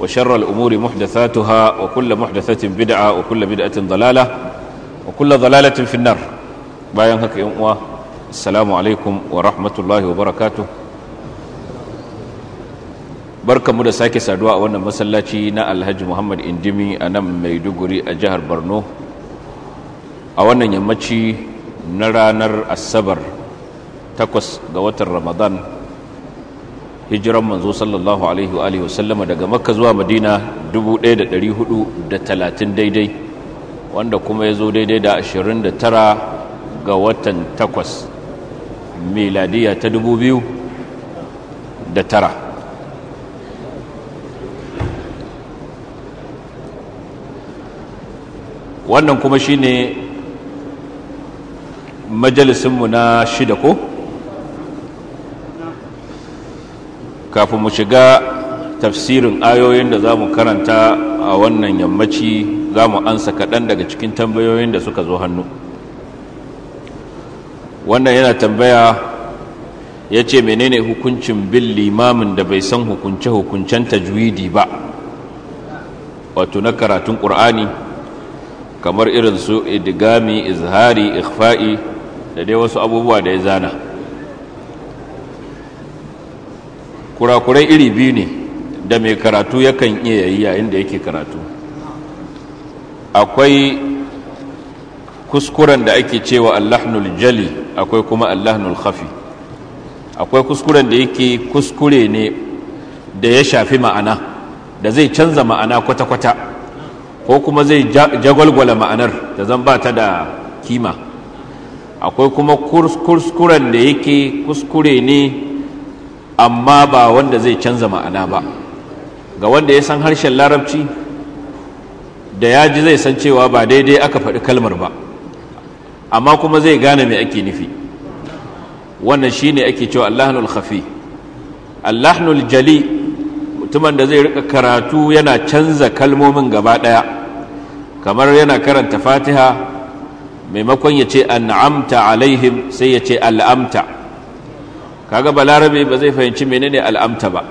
وشر الأمور محدثاتها وكل محدثة بدعة وكل بدعة ضلالة وكل ضلالة في النار باين هكا السلام عليكم ورحمة الله وبركاته barka mu da sake saduwa a wannan masallaci na alhaji muhammad indimi a nan maiduguri a jihar borno a wannan yammaci na ranar asabar takwas ga watan ramadan hijiran manzo sallallahu alaihi wa alihi daga makka zuwa madina 1430 daidai wanda kuma ya zo daidai da 29 ga watan 8 miladiya ta 2009 wannan kuma shine majalisinmu na shida ko? kafin mu shiga tafsirin ayoyin da za mu karanta a wannan yammaci za mu ansa kaɗan daga cikin tambayoyin da suka zo hannu wannan yana tambaya ya ce menene hukuncin bin limamin da bai san hukunce-hukuncen tajwidi ba wato na karatun ƙur'ani kamar irin su idigami izhari ikhfa'i da dai wasu abubuwa da ya zana kurakurai iri biyu ne da mai karatu yakan iya yayi yayin da yake karatu akwai kuskuren da ake cewa allahnul jali akwai kuma allahnul khafi akwai kuskuren da yake kuskure ne da ya shafi ma'ana da zai canza ma'ana kwata-kwata ko kuma zai jagwalgwala ma'anar da zan ba ta da kima akwai kuma kuskuren da yake kuskure ne amma ba wanda zai canza ma'ana ba ga wanda ya san harshen larabci da ya ji zai san cewa ba daidai aka faɗi kalmar ba amma kuma zai gane mai ake nufi wannan shi ne ake cewa allahnul khafi allahnul jali mutumin da zai rika karatu yana canza kalmomin gaba ɗaya kamar yana karanta fatiha maimakon ya ce an'amta alaihim sai ya ce al'amta kaga balarabe ba zai fahimci menene al'amta ba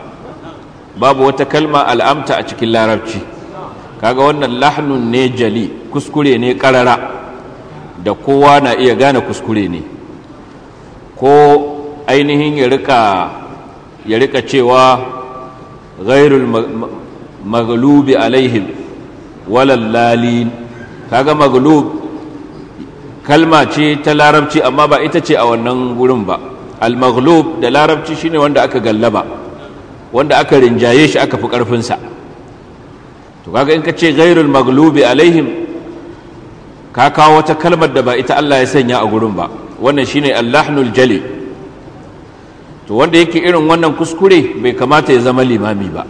babu wata kalma al'amta a cikin larabci kaga wannan lahnun ne jali kuskure ne karara da kowa na iya gane kuskure ne ko ainihin ya rika ya rika cewa ghairul maghlubi alaihim walallalin kaga maghlub kalma ce ta larabci amma ba ita ce a wannan gurin ba al da larabci shine wanda aka gallaba wanda aka rinjaye shi aka fi ƙarfinsa to kaga in ka ce ghairul maghlubi alaihim ka kawo wata kalmar da ba ita Allah ya sanya a gurin ba wannan shine allahnul jali to wanda yake irin wannan kuskure bai kamata ya zama limami ba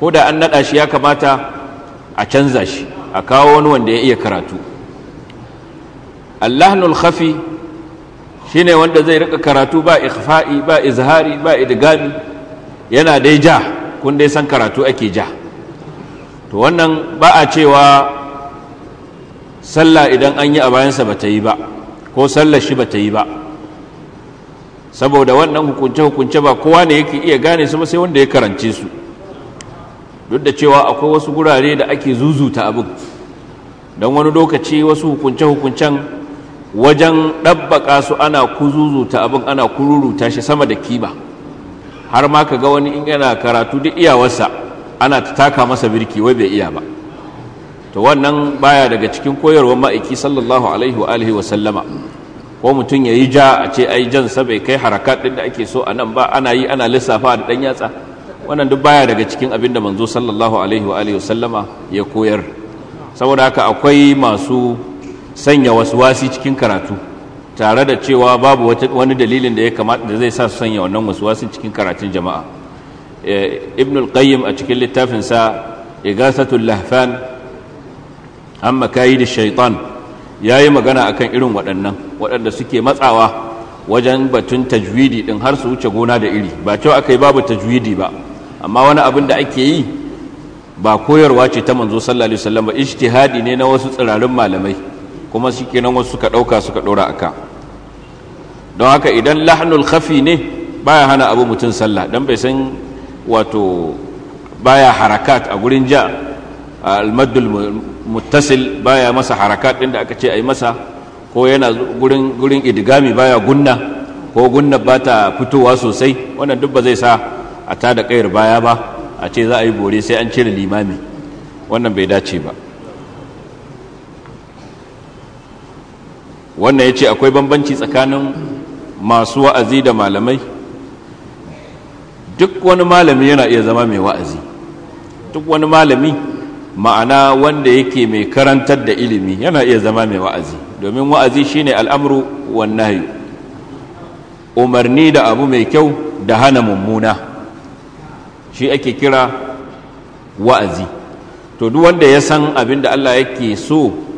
ko da an naɗa shi ya kamata a canza shi a kawo wani wanda ya iya karatu allahnul khafi shine wanda zai rika karatu ba ikhfa'i ba izhari ba idgami yana dai ja kun dai san karatu ake ja to wannan ba a cewa sallah idan an yi a bayansa ba ta yi ba ko sallar shi ba ta yi ba saboda wannan hukunce-hukunce ba kowa ne yake iya gane su ba sai wanda ya karance su duk da cewa akwai wasu gurare da ake zuzuta abin don wani lokaci wasu hukunce-hukuncen wajen ɗabbaƙa su ana kuzuzuta abin ana kururuta shi sama da kima har ma ka ga wani in yana karatu da iyawarsa ana ta taka masa birki wai bai iya ba to wannan baya daga cikin koyarwar ma'aiki sallallahu alaihi wa alihi wa sallama ko mutum ya yi ja a ce ai sa bai kai harakat ɗin da ake so a nan ba ana yi ana lissafa da ɗan yatsa wannan duk baya daga cikin abin da manzo sallallahu alaihi wa alihi wa sallama ya koyar saboda haka akwai masu sanya wasu wasi cikin karatu tare da cewa babu wani dalilin da ya kamata da zai sa su sanya wannan wasi cikin karatun jama'a eh, ibn al-qayyim a cikin littafin sa igasatul lahfan an makayi da shaitan ya yi magana akan irin waɗannan waɗanda suke matsawa wajen batun tajwidi ɗin har su wuce gona da iri ba cewa aka yi babu tajwidi ba amma wani abin da ake yi ba koyarwa ce ta manzo sallallahu alaihi wasallam ba ijtihadi ne na wasu tsirarin malamai kuma shi kenan wasu suka ɗauka suka ɗora aka don haka idan lahnul khafi ne baya hana abu mutum sallah don bai san wato baya harakat a gurin ja almaddul muttasil baya masa harakat ɗin da aka ce a yi masa ko yana gurin idigami baya gunna ko gunna ba ta fitowa sosai wannan duk ba zai sa a tada kayar baya ba a ce za a yi bore sai an cire limami wannan bai dace ba wannan ya ce akwai bambanci tsakanin masu wa'azi da malamai duk wani malami yana iya zama mai wa'azi duk wani malami ma'ana wanda yake mai karantar da ilimi yana iya zama mai wa'azi domin wa'azi shine al'amru wan nahyu umarni da abu mai kyau da hana mummuna shi ake kira wa'azi to duk wanda ya san abin da Allah yake so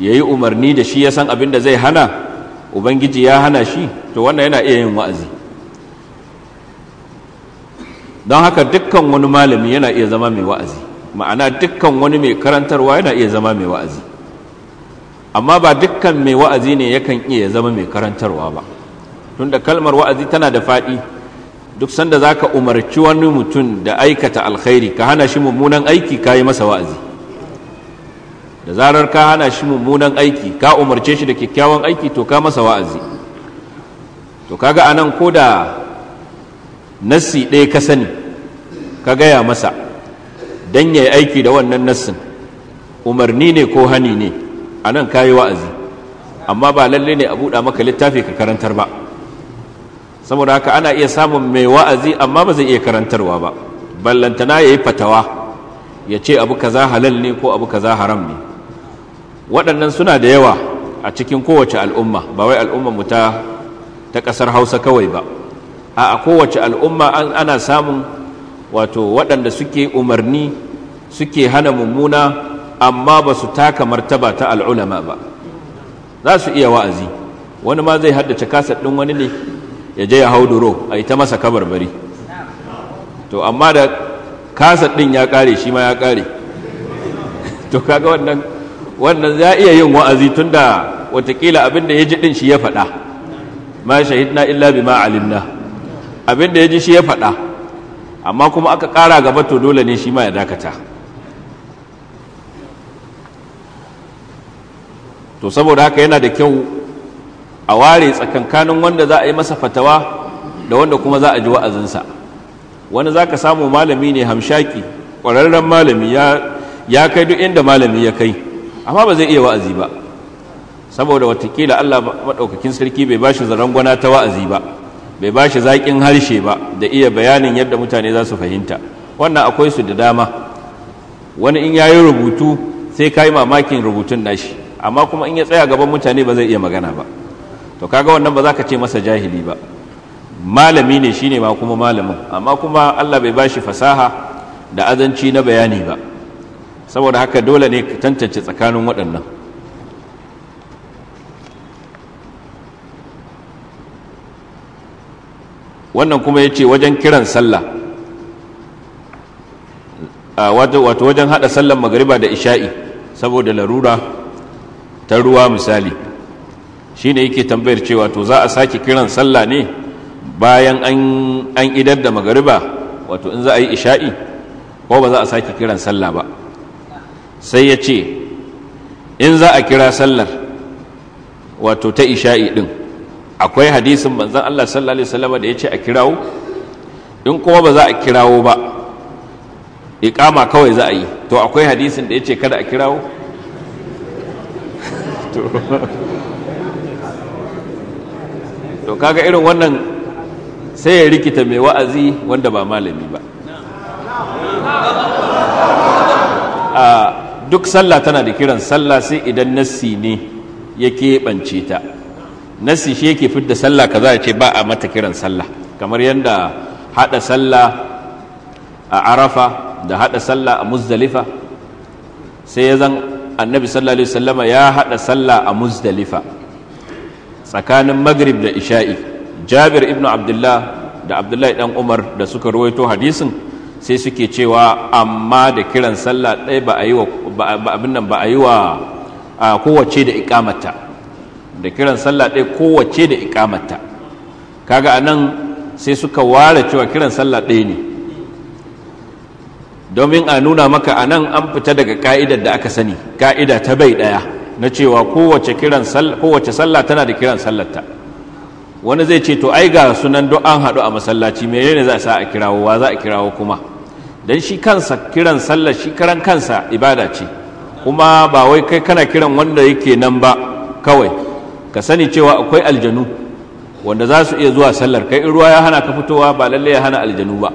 ya yi umarni da shi ya san abin da zai hana ubangiji ya hana shi to wannan yana iya yin wa'azi don haka dukkan wani malami yana iya zama mai wa'azi ma'ana dukkan wani mai karantarwa yana iya zama mai wa'azi amma ba dukkan mai wa'azi ne yakan iya zama mai karantarwa ba tun da kalmar wa'azi tana da faɗi duk sanda za ka umarci wani mutum da aikata alkhairi ka hana shi mummunan aiki ka yi masa wa'azi da zarar ka hana shi mummunan aiki ka umarce shi da kyakkyawan aiki to ka masa wa'azi to kaga anan ko da nassi ɗaya ka sani ka gaya masa don ya aiki da wannan nassin umarni ne ko hani ne anan ka yi wa'azi amma ba lalle ne a buɗa maka littafi ka karantar ba saboda haka ana iya samun mai wa'azi amma ba zai iya karantarwa ba ballantana ya yi fatawa ya ce abu kaza halal ne ko abu kaza haram ne waɗannan suna da yawa a cikin kowace al'umma ba wai al'umma mu ta ƙasar hausa kawai ba a kowace al'umma ana samun wato waɗanda suke umarni suke hana mummuna amma ba su taka martaba ta al'ulama ba za su iya wa'azi wani ma zai haddace kasar ɗin wani ne ya je ya hau duro a ita masa kabarbari to amma da kasar ɗin ya ƙare shi ma ya ƙare to kaga wannan wannan za iya yin wa'azi tun da watakila abin da ya ji din shi ya faɗa ma shahidna illa abin da ya ji shi ya faɗa amma kuma aka ƙara gaba to dole ne shi ma ya dakata to saboda haka yana da kyau a ware tsakankanin wanda za a yi masa fatawa da wanda kuma za a ji wa'azinsa wani za ka samu malami ne hamshaki ƙwararren malami ya kai duk inda malami ya kai amma ba zai iya wa'azi ba saboda watakila Allah maɗaukakin sarki bai bashi zarangwana ta wa'azi ba bai bashi zaƙin harshe ba da iya bayanin yadda mutane za su fahimta wannan akwai su da dama wani in yayi rubutu sai ka yi mamakin rubutun nashi amma kuma in ya tsaya gaban mutane ba zai iya magana ba to kaga wannan ba za ka ce masa jahili ba malami ne shine ma kuma malamin amma kuma Allah bai bashi fasaha da azanci na bayani ba saboda haka dole ne ka tantance tsakanin waɗannan wannan kuma ya ce wajen kiran sallah wato wajen haɗa sallan magariba da isha'i saboda larura ta ruwa misali shi ne yake tambayar cewa to za a sake kiran sallah ne bayan an idar da magariba wato in za a yi isha'i ko ba za a sake kiran sallah ba sai ya ce in za a kira sallar wato ta isha'i din akwai hadisin manzon Allah sallallahu alaihi wasallam da ya ce a kirawo in kuma ba za a kirawo ba iqama kawai za a yi to akwai hadisin da ya ce kada a kirawo to kaga irin wannan sai ya rikita mai wa'azi wanda ba malami ba duk sallah tana da kiran sallah sai idan nassi ne ya keɓance ta nassi shi yake fidda sallah kaza ya ce ba a mata kiran sallah kamar yadda haɗa sallah a arafa da haɗa sallah a muzdalifa sai ya zan annabi sallallahu alaihi wasallama ya haɗa sallah a muzdalifa tsakanin magrib da isha'i jabir ibn abdullah da abdullahi dan umar da suka ruwaito hadisin sai suke cewa amma da kiran sallah ɗaya ba a yi wa abin nan ba a yi wa kowace da ikamata da kiran sallah ɗaya kowace da ikamata kaga anan sai suka ware cewa kiran sallah ɗaya ne domin a nuna maka anan an fita daga ka'idar da aka sani ka'ida ta bai ɗaya na cewa kowace kiran kowace sallah tana da kiran sallarta wani zai ce to ai ga sunan don an haɗu a masallaci menene za a sa a kirawo wa za a kirawo kuma don shi kansa kiran sallar shi karan kansa ibada ce kuma ba wai kai kana kiran wanda yake nan ba kawai ka sani cewa akwai aljanu wanda za su iya zuwa sallar kai in ruwa ya hana ka fitowa ba lalle ya hana aljanu ba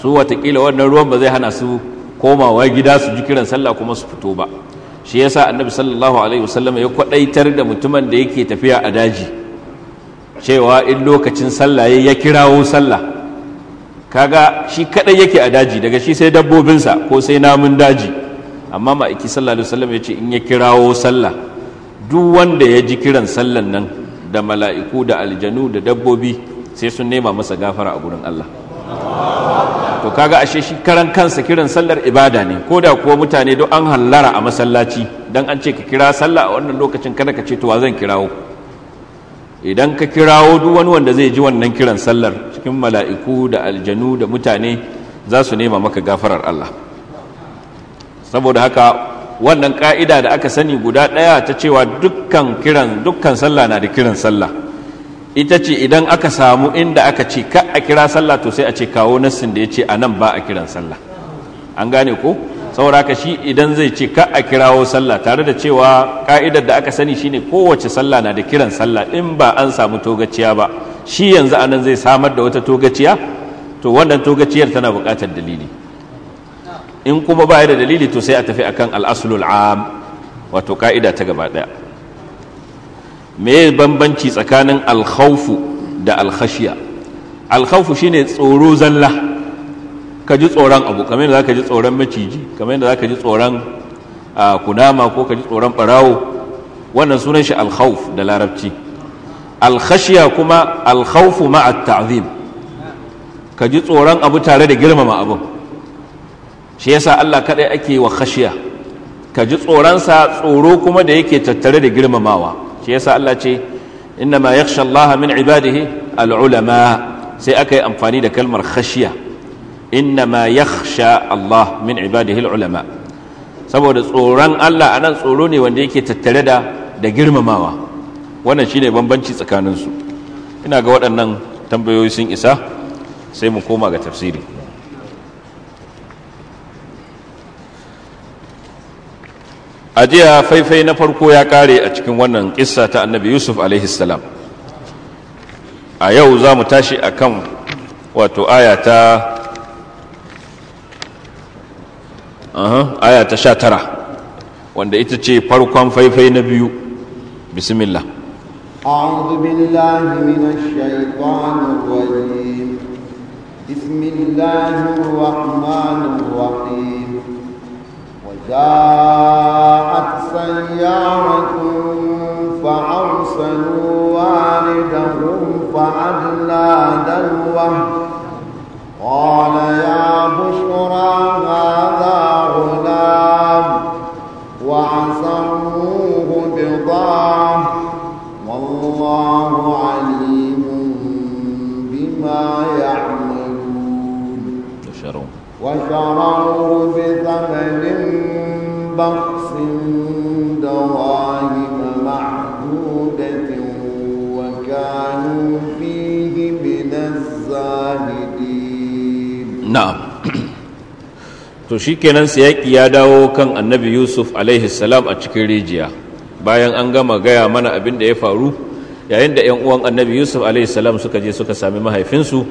su watakila wannan ruwan ba zai hana su komawa gida su ji kiran sallah kuma su fito ba shi yasa annabi sallallahu alaihi wasallam ya kwadaitar da mutumin da yake tafiya a daji cewa in lokacin sallah ya kirawo sallah kaga shi kadai yake a daji daga shi sai dabbobinsa ko sai namun daji amma ma'aiki sallallahu alaihi wasallam ya ce in ya kirawo sallah duk wanda ya ji kiran sallan nan da mala'iku da aljanu da dabbobi sai sun nema masa gafara a gurin Allah to kaga ashe shi karan kansa kiran sallar ibada ne ko da kuwa mutane duk an hallara a masallaci dan an ce ka kira sallah a wannan lokacin kada ka ce to wa zan kirawo idan ka kirawo duk wani wanda zai ji wannan kiran sallar cikin mala'iku da aljanu da mutane za su nema maka gafarar Allah saboda haka wannan ka'ida da aka sani guda ɗaya ta cewa dukkan kiran dukkan sallah na da kiran sallah ita ce idan aka samu inda aka ce ka a kira sallah to sai a ce kawo nassin da ya ce a nan ba a kiran sallah an gane ko saboda ka shi idan zai ce ka a kirawo sallah tare da cewa ka'idar da aka sani shine kowace sallah na da kiran sallah in ba an samu togaciya ba shi yanzu anan zai samar da wata togaciya to wannan togaciyar tana buƙatar dalili in kuma ba da dalili to sai a tafi akan al'asulul am wato ka'ida ta gaba ɗaya me bambanci tsakanin alkhawfu da alkhashiya alkhawfu shine tsoro zalla ka ji tsoron abu kamar yadda ka ji tsoron maciji kamar yadda ka ji tsoron ah, kunama ko ka ji tsoron barawo wannan sunan shi alkhawf da larabci alkhashiya kuma alkhawfu ma'a ta'zim ka ji tsoron abu tare da girmama abu shi yasa Allah kadai ake wa khashiya ka ji tsoronsa tsoro kuma da yake tattare da girmamawa shi yasa Allah ce inna ma yakhsha Allah min ibadihi al'ulama sai aka yi amfani da kalmar khashiya inna ma yakhsha Allah min ibadihi al'ulama saboda tsoron Allah anan tsoro ne wanda yake tattare da girmamawa wannan shine bambanci tsakaninsu ina ga waɗannan tambayoyi sun isa sai mu koma ga tafsiri a jiya faifai na farko ya kare a cikin wannan kissa ta annabi yusuf alaihi a yau za mu tashi a kan wato aya ta sha tara wanda ita ce farkon faifai na biyu bismillah أعوذ بالله من الشيطان الرجيم بسم الله الرحمن الرحيم وجاءت سيارة فأرسلوا والدهم فأدلى دلوه قال يا بشرى هذا غلام وعسى بما يعملون وشروه بثمن بخس دواهم معدودة وكانوا فيه من الزاهدين نعم to shi kenan siyaki ya dawo kan annabi yusuf alaihi salam a cikin rijiya bayan an gama gaya mana abin da ya faru yayin da ‘yan uwan annabi yusuf salam suka je suka sami mahaifinsu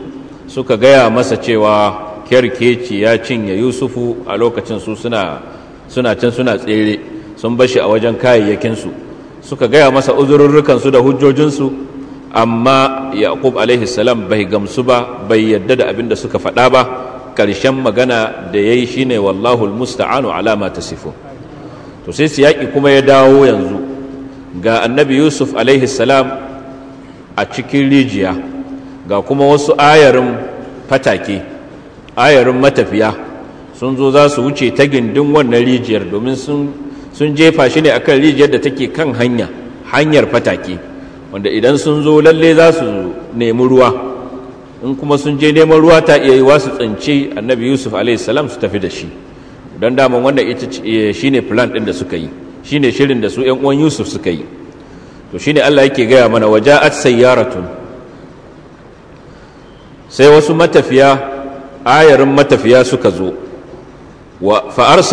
suka gaya masa cewa kyarkeci ya cinye yusufu a lokacin su suna can suna tsere sun bashi a wajen kayayyakinsu suka gaya masa uzururrukansu da hujjojinsu amma yaqub salam bai gamsu ba bai yadda da abin da suka faɗa ba ƙarshen magana da ya yi shi ne wallahul musta'anu alama ta sifo to sai yaƙi kuma ya dawo yanzu ga annabi yusuf alaihi salam a cikin rijiya ga kuma wasu ayarin fatake ayarin matafiya sun zo za su wuce ta gindin wannan rijiyar domin sun jefa shi ne akan rijiyar da take kan hanya hanyar fatake wanda idan sun zo lalle za su nemi ruwa in kuma sun je neman ruwa ta iya yi wa su tsinci annabi yusuf salam su tafi da shi don daman wanda eh, shi ne plan ɗin da suka yi shine shirin da su yan uwan yusuf suka yi to shine Allah yake gaya mana waja'at sayyaratun sai wasu matafiya ayarin matafiya suka zo wa fa da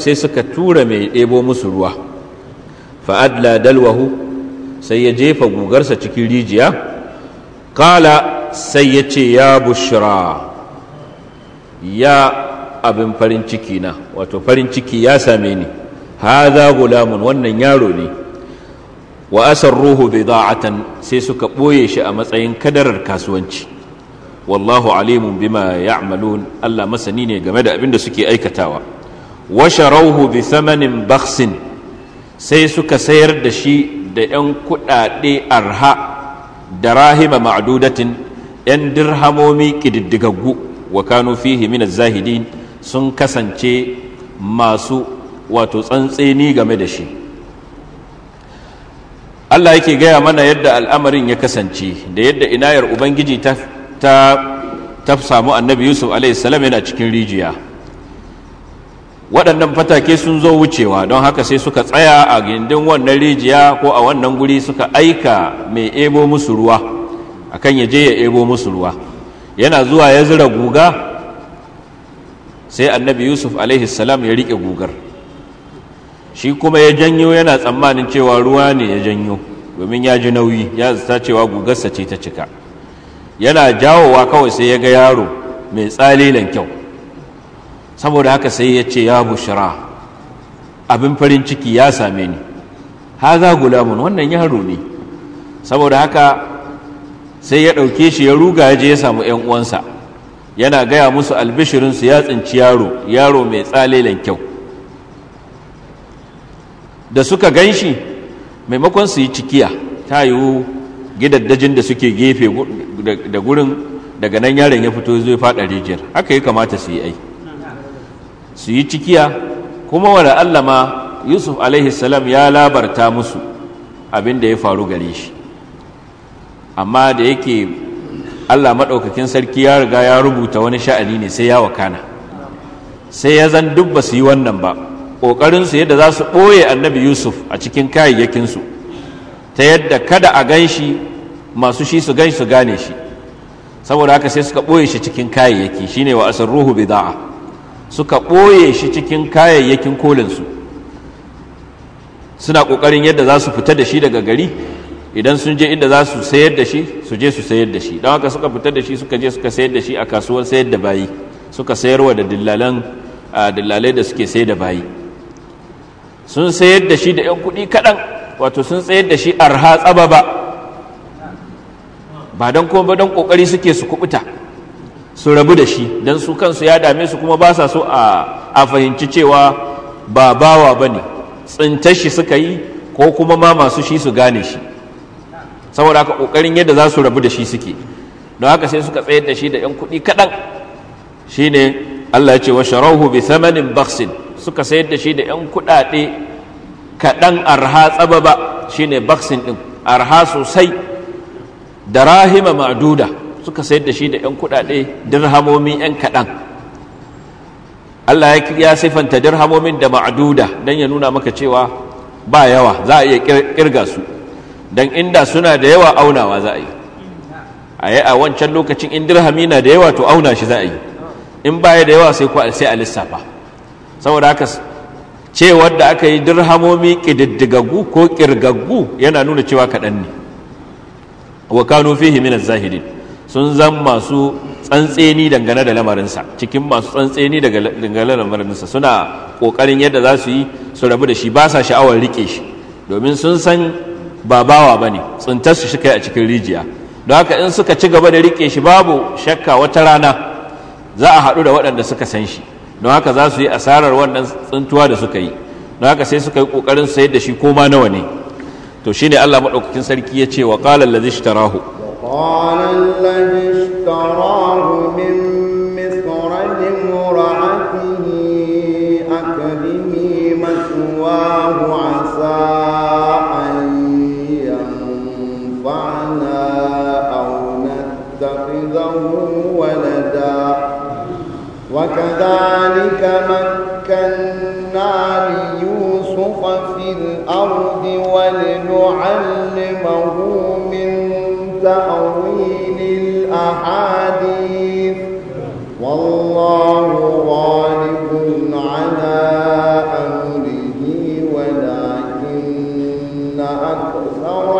sai suka tura mai ɗebo musu ruwa fa dalwahu sai ya jefa gugarsa cikin rijiya kala sai ya ce ya bushra ya abin farin ciki na wato farin ciki ya same ni haza gulamun wannan yaro ne wa ruhu bida'atan sai suka ɓoye shi a matsayin kadarar kasuwanci wallahu alimun bima ya'malun Allah masani ne game da abin da suke aikatawa wa sharauhu bi thamanin baksin sai suka sayar da shi da 'yan kuɗaɗe arha da rahima ma'dudatin 'yan dirhamomi ƙididdigaggu wa kanu fihi min zahidin sun kasance masu wato tsantseni game da shi Allah yake gaya mana yadda al'amarin ya kasance da yadda inayar ubangiji ta ta samu annabi yusuf salam yana cikin rijiya waɗannan fatake sun zo wucewa don haka sai suka tsaya a gindin wannan rijiya ko a wannan guri suka aika mai ebo musu ruwa akan ya je ya ebo musu ruwa yana zuwa ya zira guga sai annabi yusuf salam ya riƙe gugar shi kuma ya janyo yana tsammanin cewa ruwa ne ya janyo domin ya ji nauyi ya zata cewa gugarsa ce ta cika yana jawowa kawai sai ya ga yaro mai tsalilan kyau saboda haka sai ya ce ya bushira abin farin ciki ya same ni Ha za gulamun wannan yaro ne saboda haka sai ya ɗauke shi ya ruga ya je ya samu 'yan uwansa yana gaya musu albishirinsu ya tsinci yaro yaro mai tsalilan kyau da suka gan shi maimakon su yi cikiya ta yiwu gidaddajin da suke gefe da gurin daga nan yaron ya fito zai faɗa rijiyar haka ya kamata su yi ai su yi cikiya kuma wada Allah ma yusuf salam ya labarta musu abin da ya faru gare shi amma da yake Allah maɗaukakin sarki ya riga ya rubuta wani sha'ani ne sai ya wakana sai ya zan duk ba su yi wannan ba ƙoƙarinsu yadda za su ɓoye annabi yusuf a cikin kayayyakinsu ta yadda kada a gan shi masu shi su gan su gane shi saboda haka sai suka ɓoye shi cikin kayayyaki shi ne wa asar ruhu bida'a suka ɓoye shi cikin kayayyakin kolinsu suna ƙoƙarin yadda za su fita da shi daga gari idan sun je inda za su sayar da shi su je su sayar da shi don haka suka fita da shi suka je suka sayar da shi a kasuwar sayar da bayi suka sayarwa da dillalan dillalai da suke sayar da bayi sun sayar da shi da 'yan kuɗi kaɗan wato sun sayar da shi arha tsaba ba ba don kuma ba don ƙoƙari suke su kubuta su rabu da shi don su kansu ya dame su kuma ba sa so a fahimci cewa ba bawa ba ne tsintar shi suka yi ko kuma ma masu shi su gane shi saboda haka ƙoƙarin yadda za su rabu da shi suke don haka sai suka tsayar da shi da 'yan kuɗi kaɗan ne Allah ya ce wa sharauhu bi thamanin baksin suka sayar da shi da 'yan kuɗaɗe kaɗan arha tsaba ba ne baksin ɗin arha sosai da rahima Ma'aduda suka sayar da shi da 'yan kuɗaɗe dirhamomi 'yan kaɗan Allah ya sifanta dirhamomin da Ma'aduda don ya nuna maka cewa ba yawa za a iya kirga su don inda suna da yawa aunawa za a yi a yi a wancan lokacin in dirhami na da yawa to auna shi za a yi in baya da yawa sai a lissafa saboda haka ce wadda aka yi dirhamomi ƙididdigaggu ko ƙirgaggu yana nuna cewa kaɗan ne wa kanu fihi min zahidin sun zan masu tsantseni dangane da lamarinsa cikin masu tsantseni dangane da lamarinsa suna ƙoƙarin yadda za su yi su rabu da shi ba sa sha'awar riƙe shi domin sun san ba bawa ba ne tsintar su shi kai a cikin rijiya don haka in suka ci gaba da riƙe shi babu shakka wata rana za a haɗu da waɗanda suka san shi don haka za su yi asarar wannan tsintuwa da suka yi don haka sai suka yi kokarin sayar da shi ko ma nawa ne to shine Allah madaukakin sarki ya ce wa qala allazi ishtarahu qala allazi ishtarahu ولنعلمه من تأويل الأحاديث والله غالب على أمره ولكن أكثر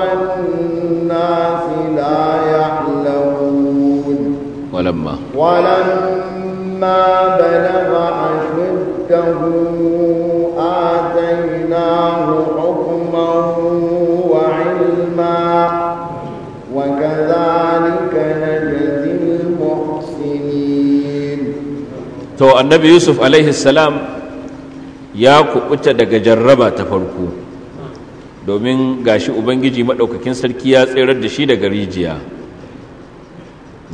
الناس لا يعلمون ولما ولما بلغ أشده to annabi yusuf alaihi salam ya kubuta daga jarraba ta farko domin gashi ubangiji maɗaukakin sarki ya tserar da shi daga rijiya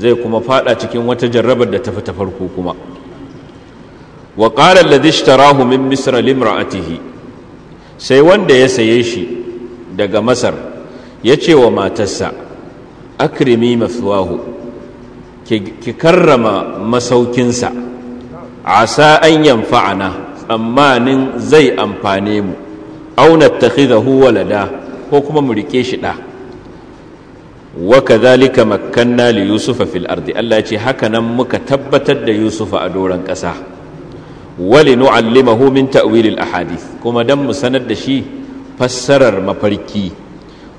zai kuma fada cikin wata jarrabar da ta fi ta farko kuma wa Ladis ladishtarahu min misra limra'atihi sai wanda ya saye shi daga masar ya ce wa matarsa akrimi mafiwahu ki karrama masaukinsa asa an yanfa'ana tsammanin zai amfane mu aw nattakhidahu walada ko kuma mu rike shi ɗa wa kadhalika makkanna li yusufa fil ardi Allah ya ce haka nan muka tabbatar da yusufa a doron ƙasa wali nu'allimahu min ta'wilil ahadith kuma dan mu sanar da shi fassarar mafarki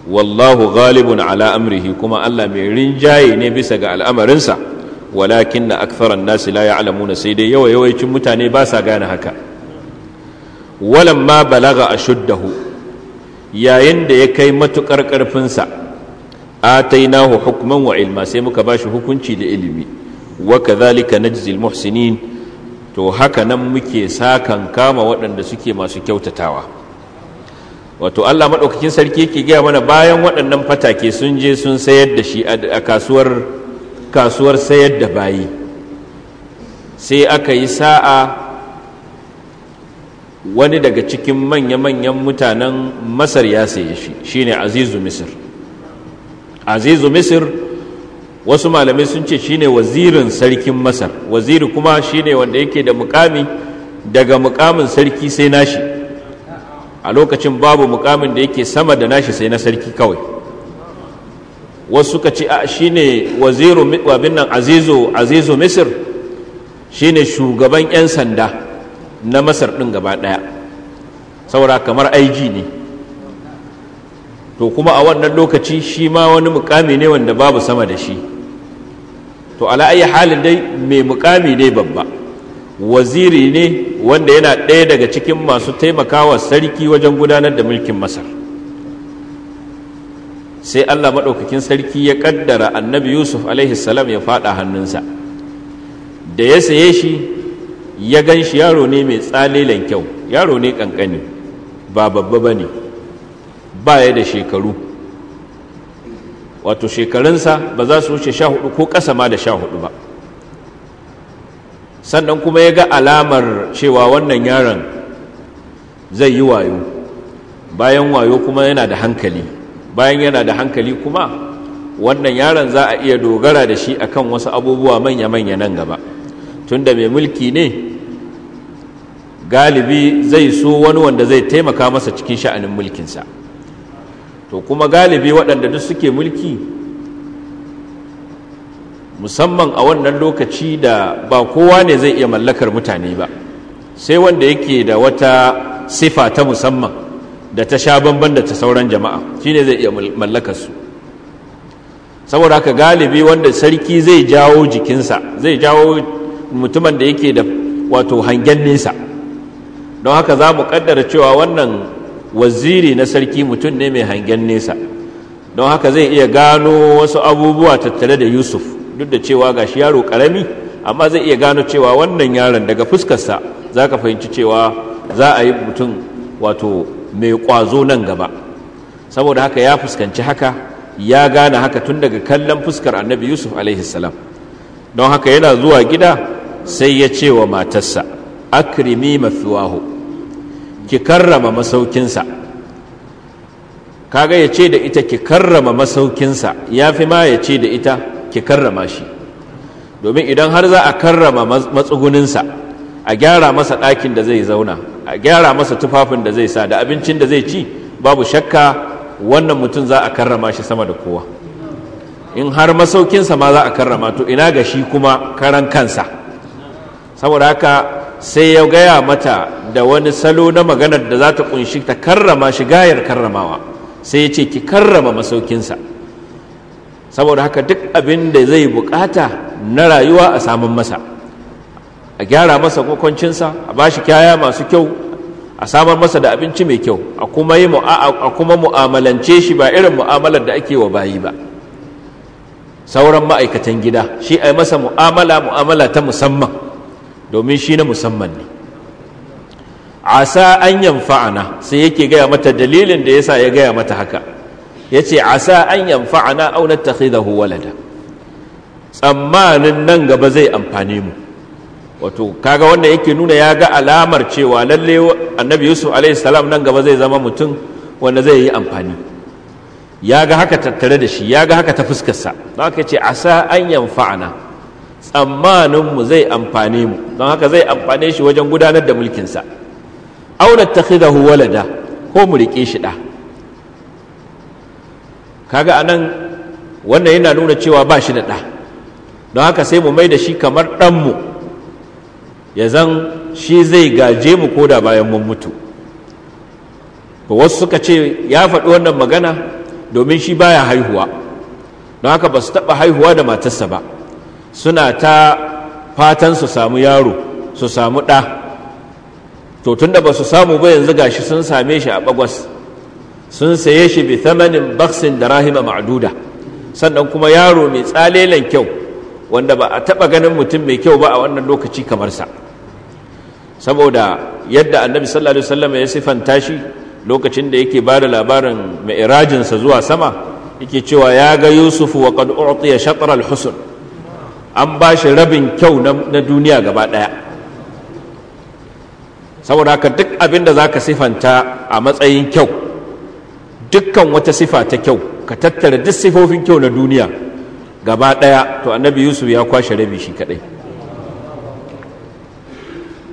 wallahu ghalibun ala amrihi kuma Allah mai rinjaye ne bisa ga al'amarinsa walakin na aktharan nasi la na sai dai yawa yawaicin mutane ba sa gane haka walamma balaga shuddahu. yayin da ya kai matukar karfinsa atainahu hukuman wa ilma sai muka shi hukunci da ilimi wa na najzil muhsinin to haka nan muke sakan kama waɗanda suke masu kyautatawa wato Allah madaukakin sarki yake gaya mana bayan waɗannan fatake sun je sun sayar da shi a kasuwar kasuwar sayar da bayi sai aka yi sa'a wani daga cikin manya-manyan mutanen masar ya saye shi shine azizu misir azizu misir wasu malamai sun ce shine wazirin sarkin masar waziri kuma shine wanda yake da mukami daga mukamin sarki sai nashi a lokacin babu mukamin da yake sama da nashi sai na sarki kawai wasu suka ce a shine waziru abin nan azizu azizu misir shine shugaban 'yan sanda na masar ɗin gaba ɗaya saboda kamar aiji ne to kuma a wannan lokaci shi ma wani mukami ne wanda babu sama da shi to ala ayi halin dai mai mukami ne babba waziri ne wanda yana ɗaya daga cikin masu taimakawa sarki wajen gudanar da mulkin masar sai Allah maɗaukakin sarki ya ƙaddara annabi Yusuf salam ya faɗa hannunsa da ya saye shi ya gan shi yaro ne mai tsalilan kyau yaro ne ƙanƙani ba babba ba ne ba ya da shekaru wato shekarunsa ba za su wuce sha hudu ko ƙasa ma da sha hudu ba sannan kuma ya ga alamar cewa wannan yaron zai yi wayo bayan wayo kuma yana da hankali bayan yana da hankali kuma wannan yaron za a iya dogara da shi akan wasu abubuwa manya-manya nan gaba tunda mai mulki ne galibi zai so wani wanda zai taimaka masa cikin sha'anin mulkinsa to kuma galibi waɗanda duk suke mulki musamman a wannan lokaci da ba kowa ne zai iya mallakar mutane ba sai wanda yake da wata sifa ta musamman da ta sha bambam da ta sauran jama'a shine zai iya mallakar su saboda haka galibi wanda sarki zai jawo jikinsa zai jawo mutumin da yake da wato hangen nesa don haka za mu kaddara cewa wannan waziri na sarki mutum ne mai hangen nesa don haka zai iya gano wasu abubuwa tattare da yusuf duk da cewa ga shi yaro karami amma zai iya gano cewa wannan yaron daga fuskarsa za ka fahimci cewa za a yi mutum wato mai ƙwazo nan gaba saboda haka ya fuskanci haka ya gane haka tun daga kallon fuskar annabi yusuf alaihi salam don haka yana zuwa gida sai ya ce wa matarsa akrimi waho ki karrama masaukinsa kaga ya ce da ita ki karrama masaukinsa ya fi ma ya ce da ita ki karrama shi domin idan har za a karrama matsuguninsa a gyara masa ɗakin da zai zauna a gyara masa tufafin da zai sa da abincin da zai ci babu shakka wannan mutum za a karrama shi sama da kowa in har masaukinsa ma za a karrama to ina ga shi kuma karan kansa saboda haka sai ya gaya mata da wani salo na maganar da za ta kunshi ta karrama shi gayar karramawa sai ya ce ki karrama masaukinsa saboda haka duk abin da zai bukata na rayuwa a samun masa a gyara masa kwakwancinsa a ba shi kyaya masu kyau a samar masa da abinci mai kyau a kuma yi a kuma mu'amalance shi ba irin mu'amalar da ake wa bayi ba sauran ma'aikatan gida shi a yi masa mu'amala mu'amala ta musamman domin shi na musamman ne asa an yanfa'ana sai yake gaya mata dalilin da yasa ya gaya mata haka yace asa an yanfa'ana aw nattakhidahu walada tsammanin nan gaba zai amfane mu wato kaga wanda yake nuna ya ga alamar cewa lalle annabi yusuf alaihi salam nan gaba zai zama mutum wanda zai yi amfani ya ga haka tattare da shi ya ga haka ta fuskarsa don haka ce asa an yamfa'ana tsammaninmu zai amfane mu don haka zai amfane shi wajen gudanar da mulkinsa auna takhidahu walada ko mu riƙe shi ɗa kaga anan wannan yana nuna cewa ba shi da ɗa don haka sai mu mai da shi kamar ɗanmu mu ya zan shi zai gaje mu koda bayan mun mutu ba wasu suka ce ya faɗi wannan magana domin shi baya haihuwa don haka ba su taɓa haihuwa da matarsa ba suna ta fatan su samu yaro su samu ɗa to tunda ba su samu ba yanzu ga shi sun same shi a bagwas sun saye shi bi thamanin baksin da rahima ma'aduda sannan kuma yaro mai tsalelen kyau wanda ba a taɓa ganin mutum mai kyau ba a wannan lokaci kamar sa saboda yadda annabi sallallahu alaihi ya sifanta shi lokacin da yake ba da labarin ma'irajinsa zuwa sama yake cewa ya ga yusufu wa qad u'tiya shatr al-husn an ba shi rabin kyau na duniya gaba daya saboda haka duk abin da zaka sifanta a matsayin kyau dukkan wata sifa ta kyau ka tattara duk sifofin kyau na duniya gaba ɗaya to annabi yusuf ya kwashe rabi shi kaɗai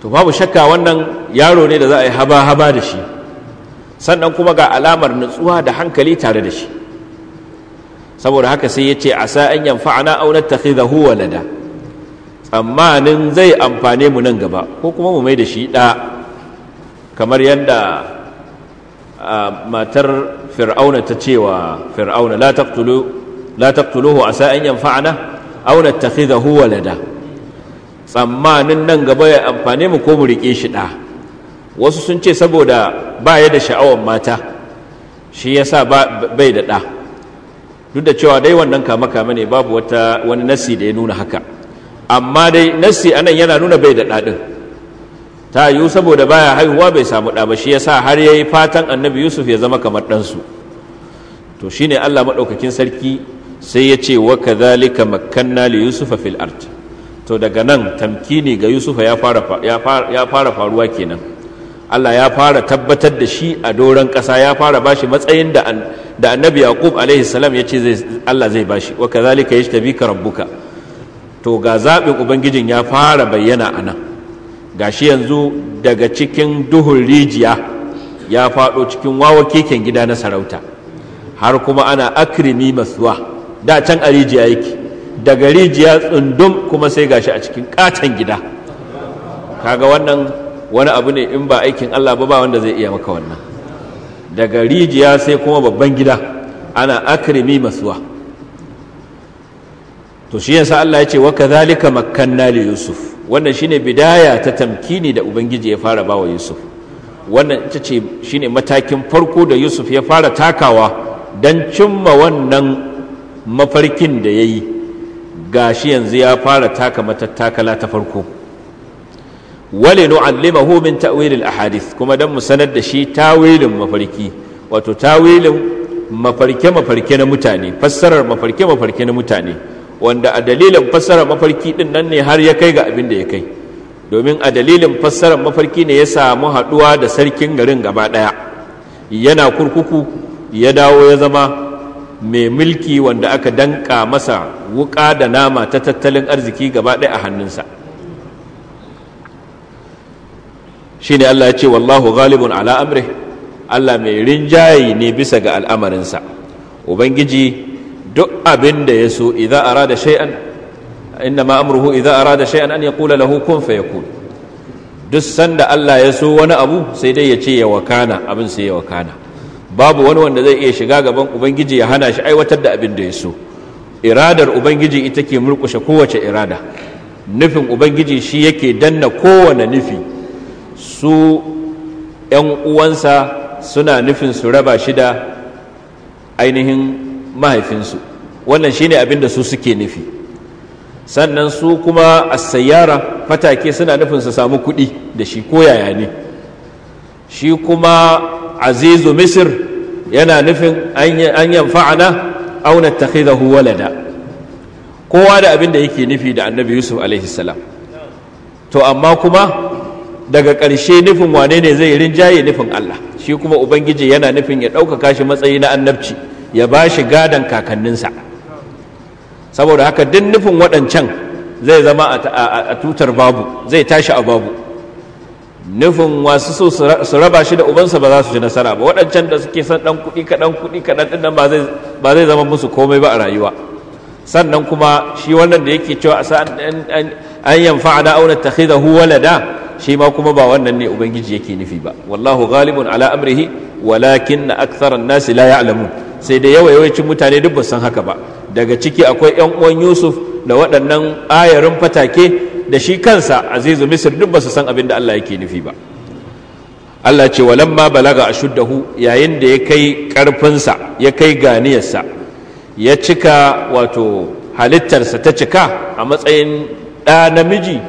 to babu shakka wannan yaro ne da za a yi haba-haba da shi sannan kuma ga alamar nutsuwa da hankali tare da shi saboda haka sai ya ce a asa ana aunar tafi nattakhidahu walada tsammanin zai amfane mu nan gaba ko kuma mu mai da shi ɗa kamar yadda matar fir'auna ta cewa fir'auna la taqtulu la taqtuluhu asa an yanfa'ana aw nattakhidahu walada tsammanin nan gaba ya amfane mu ko mu rike shi da wasu sun ce saboda ba ya da sha'awar mata shi sa bai da da duk da cewa dai wannan kama kama ne babu wata wani nasi da ya nuna haka amma dai nasi anan yana nuna bai da dadin ta yiwu saboda baya haihuwa bai samu ɗa ba shi yasa har yayi fatan annabi yusuf ya zama kamar ɗansu to shine allah maɗaukakin sarki sai ya ce wa kadhalika makkanna li yusufa fil ard to daga nan tamkini ga yusufa ya fara ya fara faruwa kenan Allah ya fara tabbatar da shi a doron ƙasa ya fara bashi matsayin da da annabi yaqub alaihi salam ya ce Allah zai bashi wa kadhalika yashtabika rabbuka to ga zaɓin ubangijin ya fara bayyana a nan gashi yanzu daga cikin duhun rijiya ya faɗo cikin wawa keken gida na sarauta har kuma ana akrimi masuwa da can a rijiya yake daga rijiya tsundum kuma sai gashi a cikin katon gida kaga wannan wani abu ne in ba aikin Allah ba ba wanda zai iya maka wannan daga rijiya sai kuma babban gida ana akrimi masuwa to shi yasa Allah ya ce wa kadhalika makkanna li yusuf wannan shine bidaya ta tamkini da ubangiji ya fara bawa yusuf wannan ita ce shine matakin farko da yusuf ya fara takawa don cimma wannan mafarkin da ya yi ga shi yanzu ya fara taka matattakala ta farko wale nu'allimahu min ta'wilil ahadith kuma dan mu sanar da shi tawilin mafarki wato tawilin mafarke mafarke na mutane fassarar mafarke mafarke na mutane wanda a dalilin fassarar mafarki din nan ne har ya kai ga abin da ya kai domin a dalilin fassarar mafarki ne ya samu haɗuwa da sarkin garin gaba ɗaya yana kurkuku ya dawo ya zama mai mulki wanda aka danka masa wuka da nama ta tattalin arziki gaba ɗaya a hannunsa ne Allah ya ce wallahu ghalibun ala amri Allah mai rinjaye ne bisa ga al'amarinsa ubangiji duk abin da ya so a arada shay'an innama amruhu idza arada shay'an an yaqula lahu kun fayakun duk sanda Allah ya so wani abu sai dai ya ce ya wakana abin sai ya wakana babu wani wanda zai iya shiga gaban ubangiji ya hana shi aiwatar da abin da ya so iradar ubangiji ita ke murkushe kowace irada nufin ubangiji shi yake danna kowane nufi su ‘yan uwansa suna nufin su raba shi da ainihin mahaifinsu wannan shine abin da su suke nufi sannan su kuma a sayyara fatake suna nufin su samu kuɗi da shi ko yaya ne shi kuma azizu misir yana nufin an yanfa'ana aw nattakhidahu walada kowa da abin da yake nufi da annabi yusuf alaihi salam to amma kuma daga ƙarshe nufin wane ne zai rinjaye nufin Allah shi kuma ubangiji yana nufin ya ɗaukaka shi matsayi na annabci ya ba shi gadon kakanninsa saboda haka duk nufin waɗancan zai zama a tutar babu zai tashi a babu nufin wasu so su raba shi da ubansa ba za su ji nasara ba waɗancan da suke son ɗan kuɗi kaɗan kuɗi kaɗan ɗin nan ba zai zama musu komai ba a rayuwa sannan kuma shi wannan da yake cewa a sa an yamfa ana auna hu walada shi ma kuma ba wannan ne ubangiji yake nufi ba wallahu ghalibun ala amrihi walakin akthara an-nas la ya'lamun sai da yawa yawancin mutane duk ba san haka ba daga ciki akwai yan uwan Yusuf da waɗannan ayarin fatake da shi kansa azizu misir duk ba su san abin da Allah yake nufi ba Allah ce walamma balaga ashuddahu yayin da ya kai karfinsa ya kai ganiyarsa ya cika wato halittarsa ta cika a matsayin ɗa namiji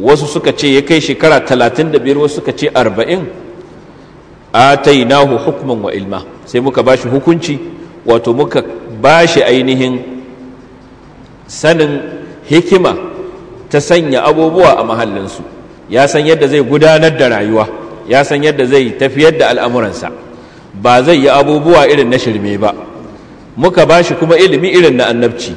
wasu suka ce ya kai shekara talatin da biyar wasu suka ce arba'in atainahu hukman wa ilma sai muka bashi hukunci wato muka bashi ainihin sanin hikima ta sanya abubuwa a mahallinsu ya san yadda zai gudanar da rayuwa ya san yadda zai tafiyar da al'amuransa ba zai yi abubuwa irin na shirme ba muka ba shi kuma ilimi irin na annabci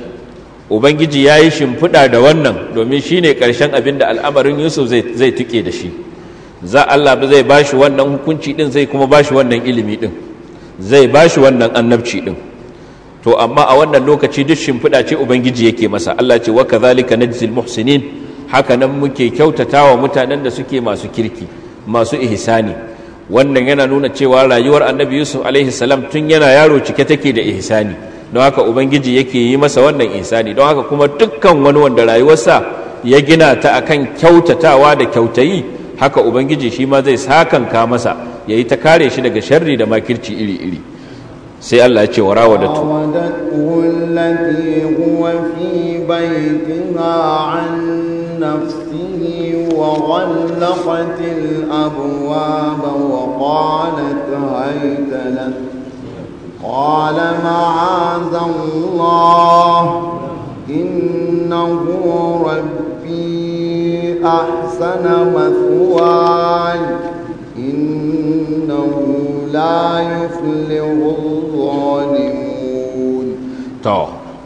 ubangiji ya yi shimfiɗa da wannan domin shi ne ƙarshen abin da al'amarin yusuf zai tuke da shi za allah zai ba shi wannan hukunci ɗin zai kuma ba shi wannan ilimi ɗin zai ba shi wannan annabci ɗin to amma a wannan lokaci duk shimfiɗa ce ubangiji yake masa Allah ce wa na najzil muhsinin haka nan muke kyautatawa mutanen da suke masu kirki masu ihsani wannan yana nuna cewa rayuwar annabi yusuf alaihi salam tun yana yaro cike take da ihsani don haka ubangiji yake yi masa wannan ihsani don haka kuma dukkan wani wanda rayuwarsa ya gina ta akan kyautatawa da kyautayi haka ubangiji shi ma zai sakanka masa yayi ta kare shi daga sharri da makirci iri-iri sai Allah ya ce wa rawadatu wallati huwa fi baytiha an nafsihi wa ghallaqat al-abwab wa qalat hayta lak qala ma'adha Allah innahu rabbi ahsana mathwaya innahu لا يفلح الظالمون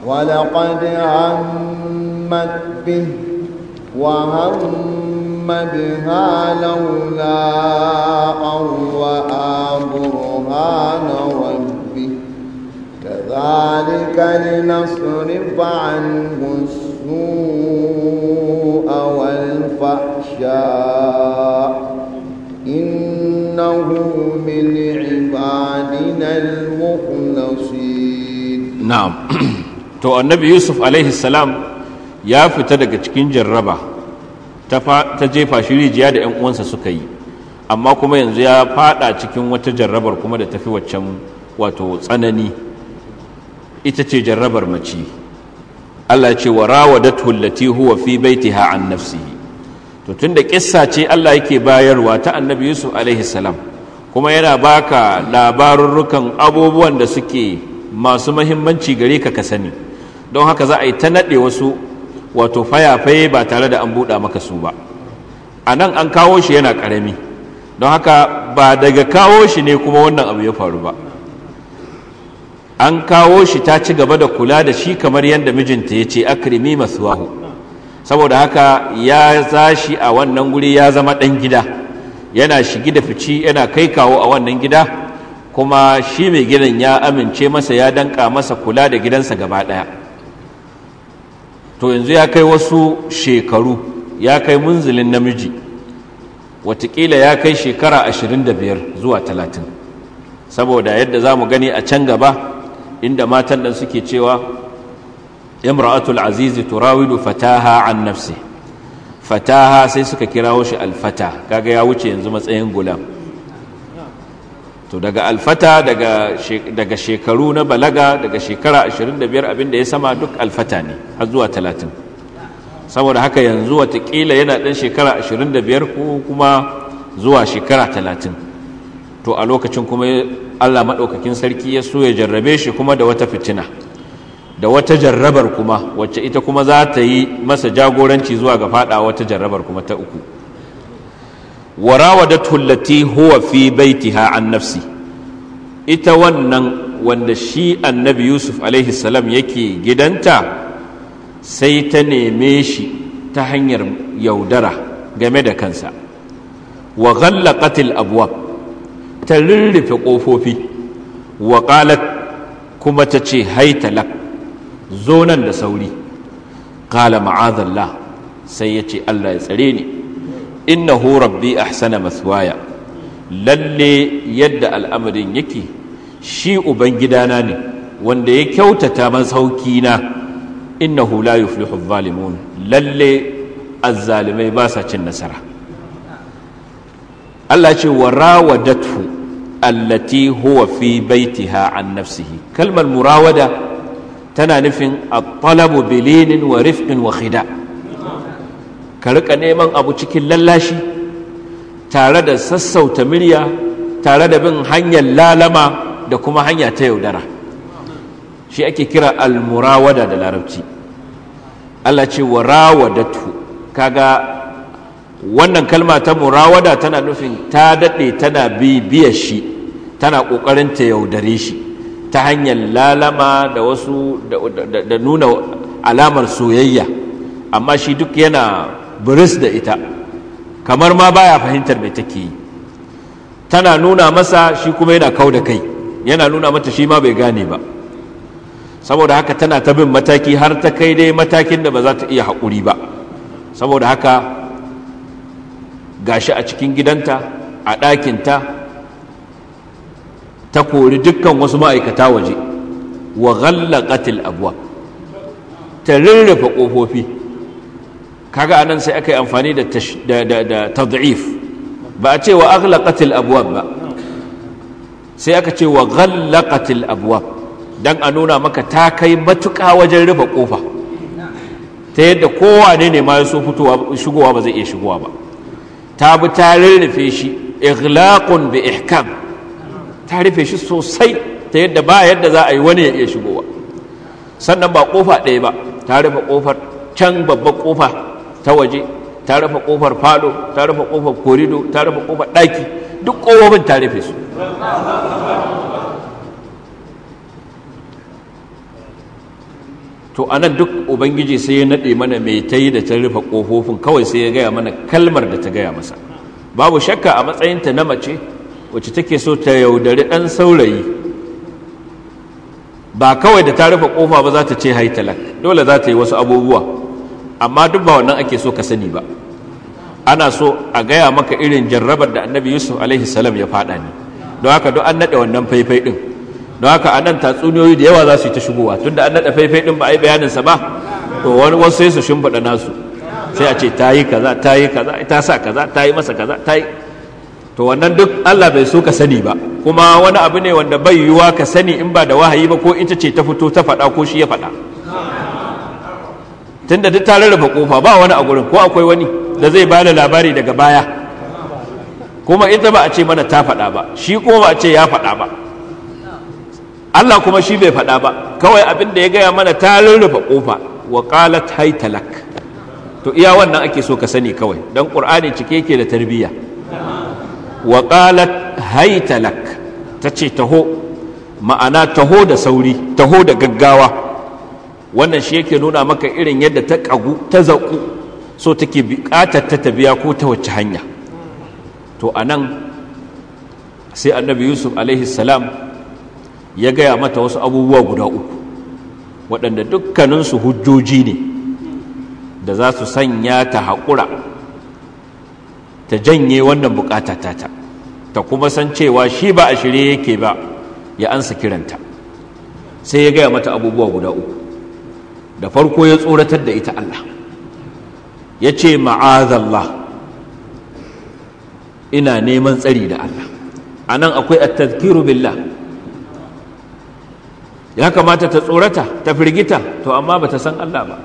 ولقد همت به وهم بها لولا أن برهان ربه كذلك لنصرف عنه السوء والفحشاء إنه من عبادنا المخلصين نعم تو النبي يوسف عليه السلام يا فتدك cikin jarraba ta jefa shi rijiya da 'yan uwansa suka yi amma kuma yanzu ya faɗa cikin wata jarrabar kuma da tafi waccan wato tsanani ita ce jarrabar mace Allah ce wa rawadatu allati huwa fi baitiha an nafsihi to da kissa ce Allah yake bayarwa ta annabi Yusuf alaihi salam kuma yana baka labarurrukan abubuwan da suke masu mahimmanci gare ka ka sani don haka za a yi ta naɗe wasu wato fayafaye ba tare da an buɗa maka su ba a nan an kawo shi yana ƙarami don haka ba daga kawo shi ne kuma wannan abu ya faru ba an kawo shi ta ci gaba da kula da shi kamar yadda mijinta ya ce akrimi masuwahu saboda haka ya zashi a wannan guri ya zama ɗan gida yana shigi da fici yana kai kawo a wannan gida kuma shi mai gidan ya amince masa ya danka masa kula da gidansa gaba ɗaya to yanzu ya kai wasu shekaru ya kai munzilin namiji watakila ya kai shekara ashirin da biyar zuwa talatin saboda yadda za mu gani a can gaba inda matan ɗan suke cewa امرأة العزيز تراود fataha an نفسه fataha sai suka kirawo shi alfata kaga ya wuce yanzu matsayin gulam to daga alfata daga shekaru na balaga daga shekara 25 abinda ya sama duk alfata ne har zuwa 30 saboda haka yanzu watakila yana ɗan shekara 25 ko kuma zuwa shekara 30 to a lokacin kuma allah maɗaukakin sarki ya so ya jarrabe shi kuma da wata fitina da wata jarrabar kuma wacce ita kuma za ta yi masa jagoranci zuwa ga fada wata jarrabar kuma ta uku warawadatu allati huwa fi baitiha an nafsi ita wannan wanda shi annabi yusuf alaihi salam yake gidanta sai ta neme shi ta hanyar yaudara game da kansa wa ghallaqat abwab ta rurrufe kofofi wa qalat kuma ta ce haitalak. zo nan da sauri qala ma'azallah sai ya ce Allah ya tsare ni innahu rabbi ahsana maswaya lalle yadda al'amarin yake shi ubangidana ne wanda ya kyautata masauki na innahu la yuflihu zalimun dhalimun lalle azzalimai ba sa cin nasara Allah ce wa rawadathu allati huwa fi baitiha an nafsihi kalmar murawada tana nufin a talabu bilinin wa rifin wa khida ka rika neman abu cikin lallashi tare da sassauta murya tare da bin hanyar lalama da kuma hanya ta yaudara shi ake kira almurawada da larabci Allah ce wa rawadatu kaga wannan kalma ta murawada tana nufin ta daɗe tana bibiyar shi tana ƙoƙarin ta yaudare shi ta hanyar lalama da wasu da nuna alamar soyayya amma shi duk yana biris da ita kamar ma baya fahimtar mai take yi tana nuna masa shi kuma yana kau da kai yana nuna mata shi ma bai gane ba saboda haka tana ta bin mataki har ta kai dai matakin da ba za ta iya haƙuri ba saboda haka gashi a cikin gidanta a ɗakinta ta kori dukkan wasu ma'aikata waje wa ghallaqatil abwa ta rurrufe kofofi kaga anan sai aka yi amfani da tad'if ba a ce wa aghlaqatil abwab ba sai aka ce wa ghallaqatil abwab dan a nuna maka ta kai matuƙa wajen rufe ƙofa. ta yadda kowa ne ne ma ya so fitowa shigowa ba zai iya shigowa ba ta bi ta rurrufe shi ighlaqun bi ihkam ta rufe shi sosai ta yadda ba yadda za a yi wani ya iya shigowa sannan ba kofa ɗaya ba ta rufe kofar can babban kofa ta waje ta rufe kofar falo ta rufe kofar korido ta rufe kofar ɗaki duk kofofin ta rufe su to a nan duk ubangiji sai ya naɗe mana mai ta yi da ta rufe ƙofofin kawai sai ya gaya mana kalmar da ta gaya masa babu shakka a matsayinta na mace wacce take so ta yaudari ɗan saurayi ba kawai da ta rufe ƙofa ba za ta ce haitalak dole za ta yi wasu abubuwa amma duk ba wannan ake so ka sani ba ana so a gaya maka irin jarrabar da annabi yusuf alaihi salam ya faɗa ne don haka duk an naɗe wannan faifai ɗin don haka anan tatsuniyoyi da yawa za su yi ta shigowa tunda an naɗe faifai ɗin ba a yi bayaninsa ba to wani wasu sai su shimfiɗa nasu sai a ce ta yi kaza ta yi kaza ta sa kaza ta yi masa kaza ta yi to wannan duk Allah bai so ka sani ba kuma wani abu ne wanda bai yiwuwa ka sani in ba da wahayi ba ko ita ce ta fito ta faɗa ko shi ya faɗa tunda duk ta rarraba kofa ba wani a gurin ko akwai wani da zai ba da labari daga baya kuma ita ba a ce mana ta faɗa ba shi kuma ba a ce ya faɗa ba Allah kuma shi bai faɗa ba kawai abin da ya gaya mana ta rarrafa kofa wa qalat haytalak to iya wannan ake so ka sani kawai dan qur'ani cike yake da tarbiyya wa haitalak ta tace taho ma'ana taho da sauri taho da gaggawa wannan shi yake nuna maka irin yadda ta kagu ta zaku so take buƙatar ta tabiya ko ta wacce hanya to anan sai annabi yusuf alaihi ya gaya mata wasu abubuwa guda uku waɗanda dukkaninsu hujjoji ne da za su sanya ta haƙura ta janye wannan bukata tata ta kuma san cewa shi ba a shirye yake ba ya ansa kiranta sai ya gaya mata abubuwa guda uku da farko ya tsoratar da ita Allah ya ce ma'azallah ina neman tsari da Allah a nan akwai attazkiru billah ya kamata ta tsorata ta firgita to amma ba ta san Allah ba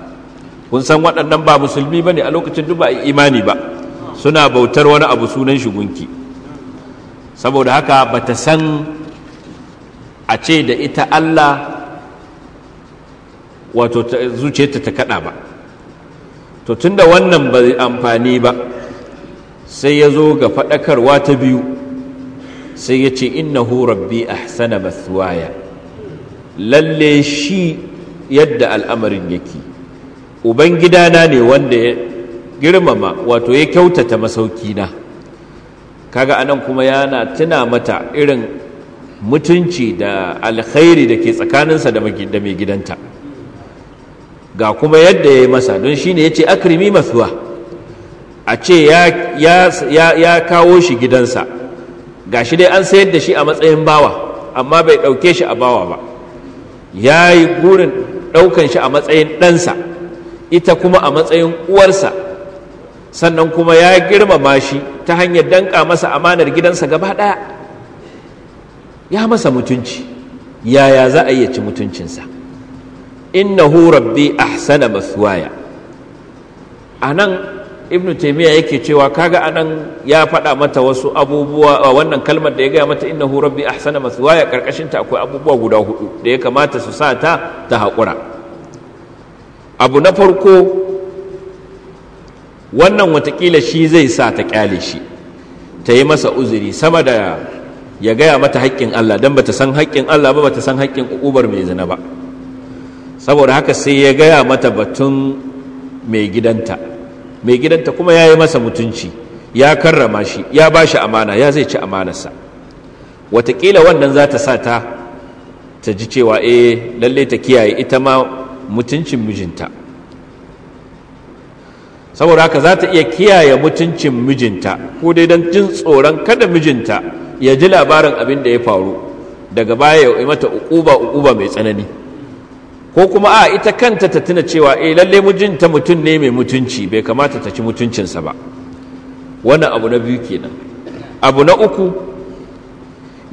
kun san waɗannan ba musulmi ba ne a lokacin duk ba imani ba suna bautar wani abu sunan shi gunki saboda haka ba ta san a ce da ita Allah wato zuciyarta ta kaɗa ba to tunda wannan ba amfani ba sai ya zo ga faɗakarwa ta biyu sai ya ce innahu rabbi ahsana mathwaya lalle shi yadda al'amarin yake ubangidana ne wanda girmama wato ya kyautata masauki masaukina kaga anan kuma yana tuna mata irin mutunci da alkhairi da ke tsakaninsa da mai gidanta ga kuma yadda ya yi masa don shine ya ce akrimi masuwa a ce ya kawo shi gidansa ga shi dai an sayar da shi a matsayin bawa amma bai ɗauke shi a bawa ba ya yi gurin ɗaukan shi a matsayin ɗansa ita kuma a matsayin uwarsa sannan kuma ya girmama shi ta hanyar danka masa amanar gidansa gaba ɗaya ya masa mutunci yaya za a iya ci mutuncinsa Inna hu rabbi ahsana maswaya a nan Ibn taimiyya yake cewa kaga a nan ya faɗa mata wasu abubuwa a wannan kalmar da ya gaya mata hu rabbi ahsana maswaya ƙarƙashinta akwai abubuwa guda hudu da ya kamata su sa ta ta haƙura abu na farko wannan watakila shi zai sa ta kyale shi ta yi masa uzuri sama da ya gaya mata haƙƙin Allah don bata san haƙƙin Allah ba bata san haƙƙin uƙubar mai zina ba saboda haka sai ya gaya mata batun mai gidanta mai gidanta kuma ya yi masa mutunci ya karrama shi ya ba shi amana ya zai ci amanarsa watakila wannan za ta sa ta ta ji cewa eh lalle ta kiyaye ita ma mutuncin mijinta saboda haka za ta iya kiyaye mutuncin mijinta ko dai don jin tsoron kada mijinta ya ji labarin abin da ya faru daga baya ya yi mata ukuba ukuba mai tsanani ko kuma a ita kanta ta tuna cewa eh lalle mijinta mutum ne mai mutunci bai kamata ta ci mutuncinsa ba wannan abu na biyu kenan abu na uku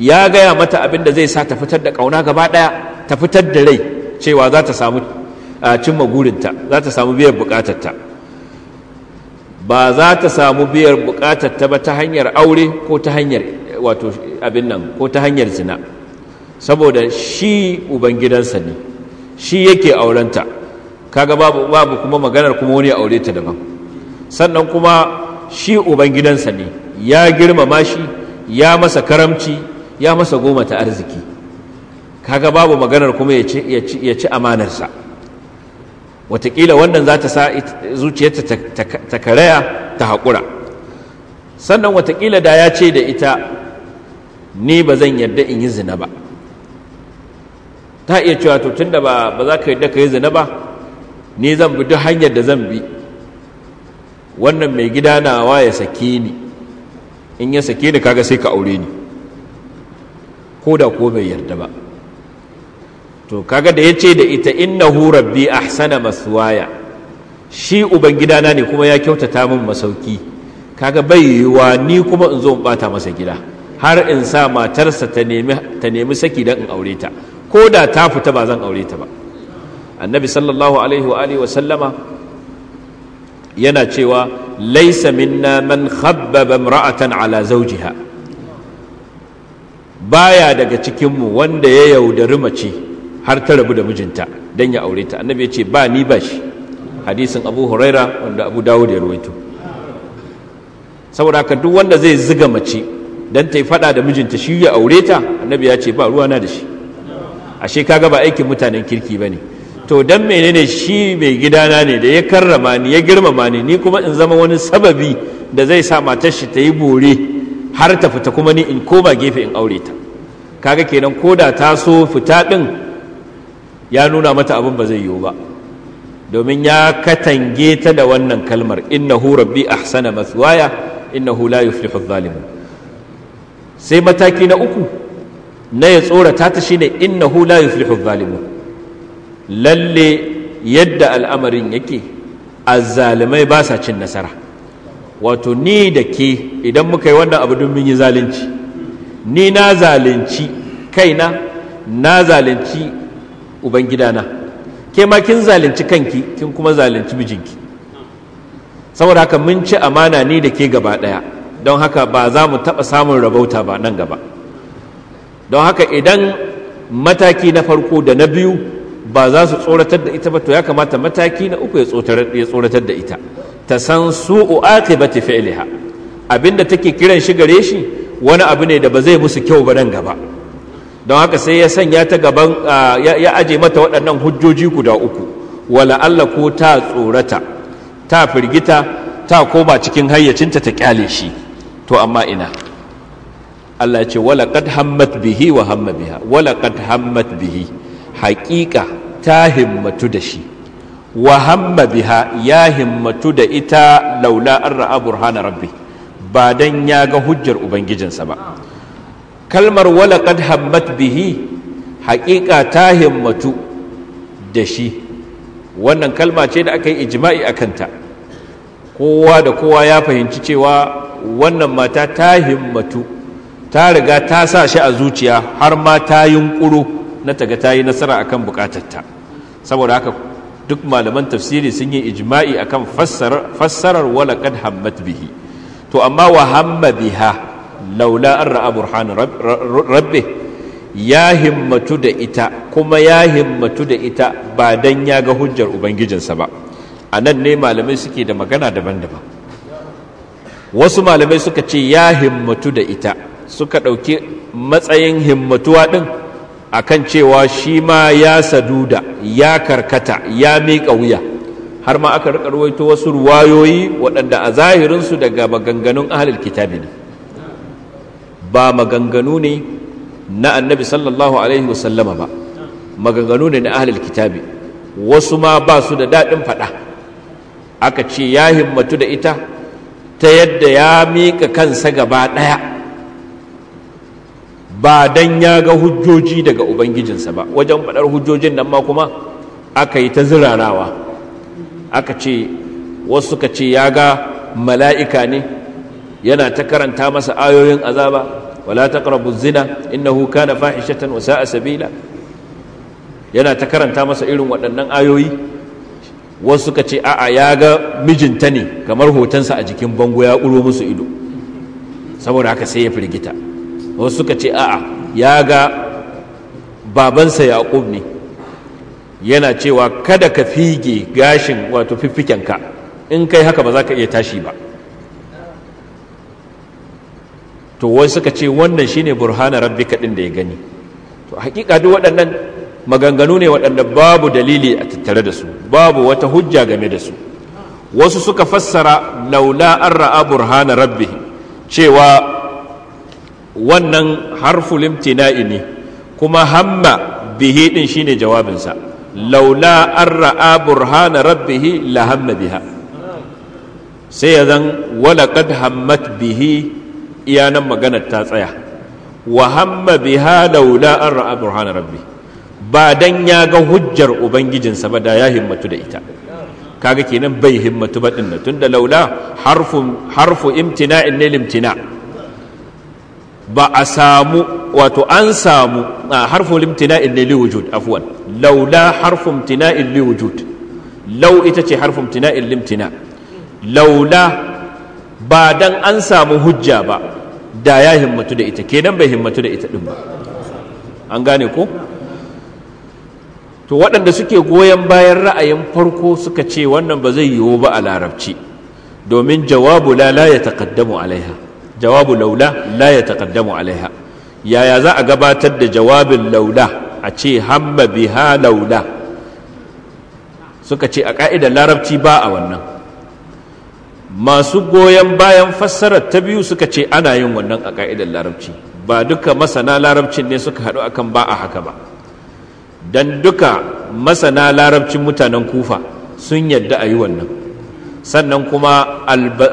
ya gaya mata abin da zai sa ta fitar da ƙauna gaba ɗaya ta fitar da rai cewa za ta samu cimma gurinta za ta samu biyan bukatarta ba za ta samu biyar bukatar ta ba ta hanyar aure ko ta hanyar wato abin nan ko ta hanyar zina saboda shi ubangidansa ne shi yake aurenta kaga babu kuma maganar kuma wani aure ta daban sannan kuma shi ubangidansa ne ya girmama shi ya masa karamci ya masa goma ta arziki kaga babu maganar kuma ya ci amanarsa watakila wannan za ta sa zuciyarta ta karaya ta haƙura sannan watakila da ya ce da ita ni ba zan yarda in yi zina ba ta iya cewa to tunda ba ba za ka yarda ka yi zina ba ni zan bi duk hanyar da zan bi wannan mai gida nawa ya sake ni in ya sake ni kaga sai ka aure ni ko da ko bai yarda ba to kaga da yace da ita innahu rabbi ahsana maswaya shi ubangidana ne kuma ya kyautata min masauki kaga bai yiwa ni kuma in zo in bata masa gida har in sa matarsa ta nemi saki dan in aure ta ko da ta fita ba zan aure ta ba annabi sallallahu alaihi wa alihi wa sallama yana cewa laisa minna man khabbaba imra'atan ala zawjiha baya daga cikinmu wanda ya yaudari mace har ta rabu da mijinta don ya aure ta annabi ya ce ba ni ba shi hadisin abu huraira wanda abu dawo da ya ruwaito saboda duk wanda zai ziga mace don ta yi fada da mijinta shi ya aure ta annabi ya ce ba ruwa na da shi ashe kaga ba aikin mutanen kirki ba ne to dan menene shi mai gidana ne da ya karrama ni ya girmama ni ni kuma in zama wani sababi da zai sa matar shi ta yi bore har ta fita kuma ni in koma gefe in aure ta kaga kenan ko da ta so fita din ya nuna mata abin ba zai yiwu ba domin ya katange ta da wannan kalmar innahu rabbi ahsana mathwaya innahu la yuflihu adh sai mataki na uku na ya tsorata ta shine innahu la yuflihu adh lalle yadda al'amarin yake azzalimai ba sa cin nasara wato ni da ke idan muka yi wannan abu don mun yi zalunci ni na zalunci kaina na zalunci ubangidana ke ma kin zalunci kanki kin kuma zalunci mijinki saboda haka mun ci amana ni da ke gaba ɗaya don haka ba za mu taɓa samun rabauta ba nan gaba don haka idan mataki na farko da na biyu ba za su tsoratar da ita ba to ya kamata mataki na uku ya tsoratar da ita ta san su'u aqibati fi'liha abinda take kiran shi gare shi wani abu ne da ba zai musu kyau ba nan gaba don haka sai ya sanya ta gaban ya aje mata waɗannan hujjoji guda uku wala Allah ko ta tsorata ta firgita ta koma cikin hayyacinta ta kyale shi to amma ina Allah ce wala qad hammat bihi wa hamma biha wala hammat bihi haƙiƙa ta himmatu da shi wa hamma biha ya himmatu da ita laula an ra'a burhana rabbi ba dan ya ga hujjar ubangijinsa ba kalmar walaƙad hammat bihi haƙiƙa ta himmatu da shi wannan kalma ce da aka yi ijima'i a kanta kowa da kowa ya fahimci cewa wannan mata ta himmatu ta riga ta sa shi a zuciya har ma ta yunƙuro na taga ta yi nasara akan bukatarta saboda haka duk malaman tafsiri sun yi ijima'i akan fassarar walaƙad hammat bihi to amma wa hamma biha laula an ra'a burhanin rabbe ya himmatu da ita kuma ya himmatu da ita ba dan ya ga hujjar ubangijinsa ba a nan ne malamai suke da magana daban-daban wasu malamai suka ce ya himmatu da ita suka ɗauki matsayin himmatuwa ɗin akan cewa shi ma ya saduda ya karkata ya miƙa wuya har ma aka rika ruwaito wasu ruwayoyi waɗanda a zahirinsu daga maganganun ahalil kitabi ne ba maganganu ne na annabi sallallahu alaihi wasallama ba maganganu ne na ahlul kitabi wasu ma ba su da daɗin faɗa aka ce ya himmatu da ita ta yadda ya mika kansa gaba ɗaya ba dan ya ga hujjoji daga ubangijinsa ba wajen faɗar hujjojin nan ma kuma aka yi ta zirarawa aka ce wasu ka ce ya ga mala'ika ne yana ta karanta masa ayoyin azaba wala na huka na kana ta wa a sabila yana ta karanta masa irin waɗannan ayoyi wasu suka ce a'a ya ga mijinta ne kamar hotonsa a jikin bango ya ƙuro musu ido saboda haka sai ya firgita wasu suka ce a'a ya ga babansa yaƙub ne yana cewa kada ka fige gashin wato fiffikenka in kai haka ba za ka iya tashi ba to wai suka ce wannan shine burhana rabbika kadin da ya gani to hakika duk waɗannan maganganu ne waɗanda babu dalili a tattare da su babu wata hujja game da su wasu suka fassara laula an ra'a burhana rabbi cewa wannan harful imtina'i ne kuma hamma bihi din shine jawabinsa laula an ra'a burhana rabbihi la hamma biha sai ya zan walaƙad hammat bihi iya nan maganar ta tsaya wa hamma biha laula an ra'a burhan rabbi ba dan ya ga hujjar ubangijinsa ba da ya himmatu da ita kaga kenan bai himmatu ba din tunda laula harfu harfu in ne limtina ba a samu wato an samu harfu in ne liwujud afwan laula harfu imtina'in liwujud Lau ita ce harfu imtina'in limtina laula ba dan an samu hujja ba da ya himmatu da ita kenan bai himmatu da ita din ba an gane ko to waɗanda suke goyon bayan ra'ayin farko suka ce wannan ba zai yiwu ba a larabci domin jawabu la la ya taqaddamu alaiha jawabu laula la ya taqaddamu alaiha yaya za a gabatar da jawabin laula a ce hamma biha laula suka ce a ka'idar larabci ba a wannan masu goyon bayan fassarar ta biyu suka ce ana yin wannan a ka'idar larabci ba duka masana larabcin ne suka haɗu akan ba a haka ba don duka masana larabcin mutanen kufa sun yadda a yi wannan sannan kuma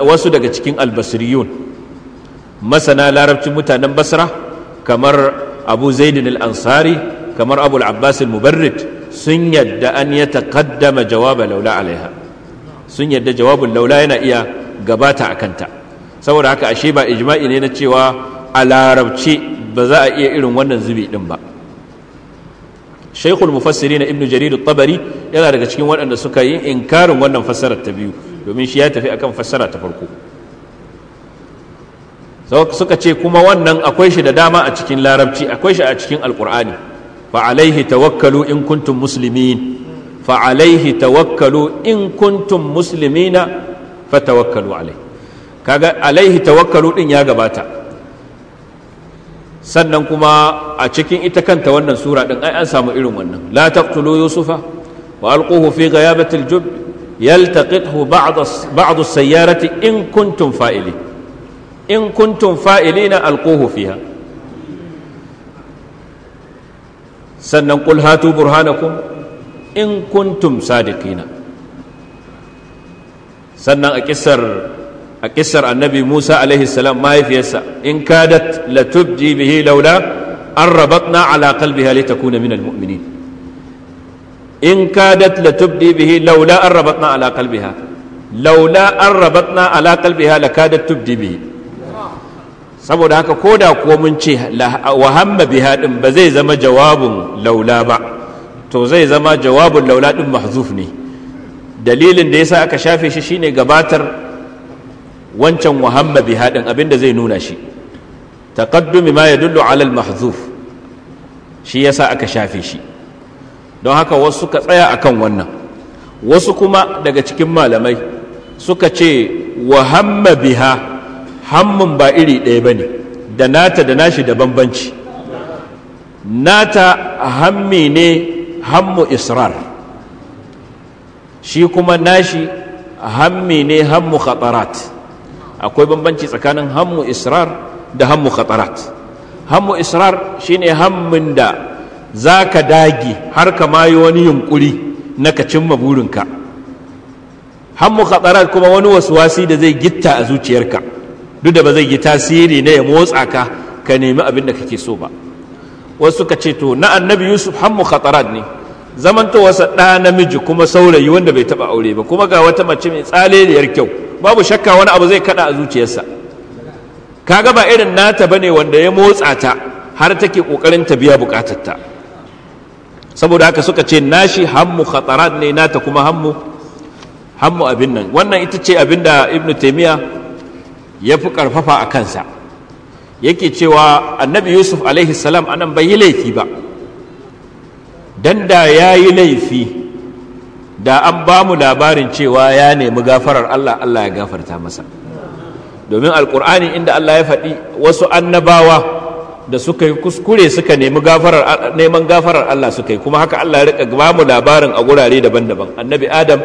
wasu daga cikin albasiriyun masana larabcin mutanen basra kamar abu zaidin al-ansari kamar abu al-abbas al sun yadda an ya taƙaddama jawaba laula alaiha sun yarda jawabin laula yana iya gabata a kanta saboda haka ashe ba ijma'i ne na cewa a larabce ba za a iya irin wannan zubi din ba shaikhul mufassiri na ibnu jarir tabari yana daga cikin waɗanda suka yi inkarin wannan fassarar ta biyu domin shi ya tafi akan fassara ta farko suka ce kuma wannan akwai shi da dama a cikin larabci akwai shi a cikin alkur'ani fa alaihi tawakkalu in kuntum muslimin fa alaihi tawakkalu in kuntum muslimina fa tawakkalu alaihi kaga alaihi tawakkalu din ya gabata sannan kuma a cikin ita kanta wannan sura din ai an samu irin wannan la taqtulu yusufa wa alquhu fi ghayabati aljub yaltaqithu ba'd ba'd as-sayyarati in kuntum fa'ili in kuntum fa'ilina alquhu fiha sannan qul hatu burhanakum in kuntum sadiqina sannan a kisar a kisar annabi Musa alaihi salam mahaifiyarsa in kadat latubji bihi laula an rabatna ala qalbiha litakuna minal mu'minin in kadat latubdi bihi laula an rabatna ala qalbiha laula an rabatna ala qalbiha lakadat tubdi bihi saboda haka ko da kuwa mun ce wa hamma biha din ba zai zama jawabun laula ba to zai zama jawabin laula din mahzuf ne dalilin da yasa aka shafe shi shine gabatar wancan wahamma biha din abinda zai nuna shi taqaddumi ma ya ala al mahzuf shi yasa aka shafe shi don haka wasu suka tsaya akan wannan wasu kuma daga cikin malamai suka ce wahamma biha hammun ba iri ɗaya bane da nata da nashi da bambanci nata hammi ne hammu israr shi kuma nashi hammi ne hammu khatarat akwai bambanci tsakanin hammu israr da hammu khatarat hammu israr shine hammin da za ka dage har ka mayu wani yunkuri na ka cimma burinka hammu khatarat kuma wani wasuwasi da zai gitta a zuciyarka duk da ba zai yi tasiri na ya motsa ka ka nemi abin da kake so ba wasu ka ce to na annabi yusuf hammu khatarat ne zamantowarsa ɗa namiji kuma saurayi wanda bai taɓa aure ba kuma ga wata mace mai tsaleliyar kyau babu shakka wani abu zai kaɗa a zuciyarsa kaga ba irin nata bane wanda ya motsa ta har take ƙoƙarin ta biya buƙatarta saboda haka suka ce nashi hammu khatarat ne nata kuma hammu hammu abin nan wannan ita ce abin da ibnu taimiya ya fi ƙarfafa a kansa yake cewa annabi yusuf alaihi salam anan bai yi laifi ba dan da ya yi laifi da an ba mu labarin cewa ya nemi gafarar Allah Allah ya gafarta masa domin alkur'ani inda Allah ya faɗi wasu annabawa da suka yi kuskure suka nemi gafarar neman gafarar Allah suka yi kuma haka Allah ya rika ba mu labarin a gurare daban-daban annabi adam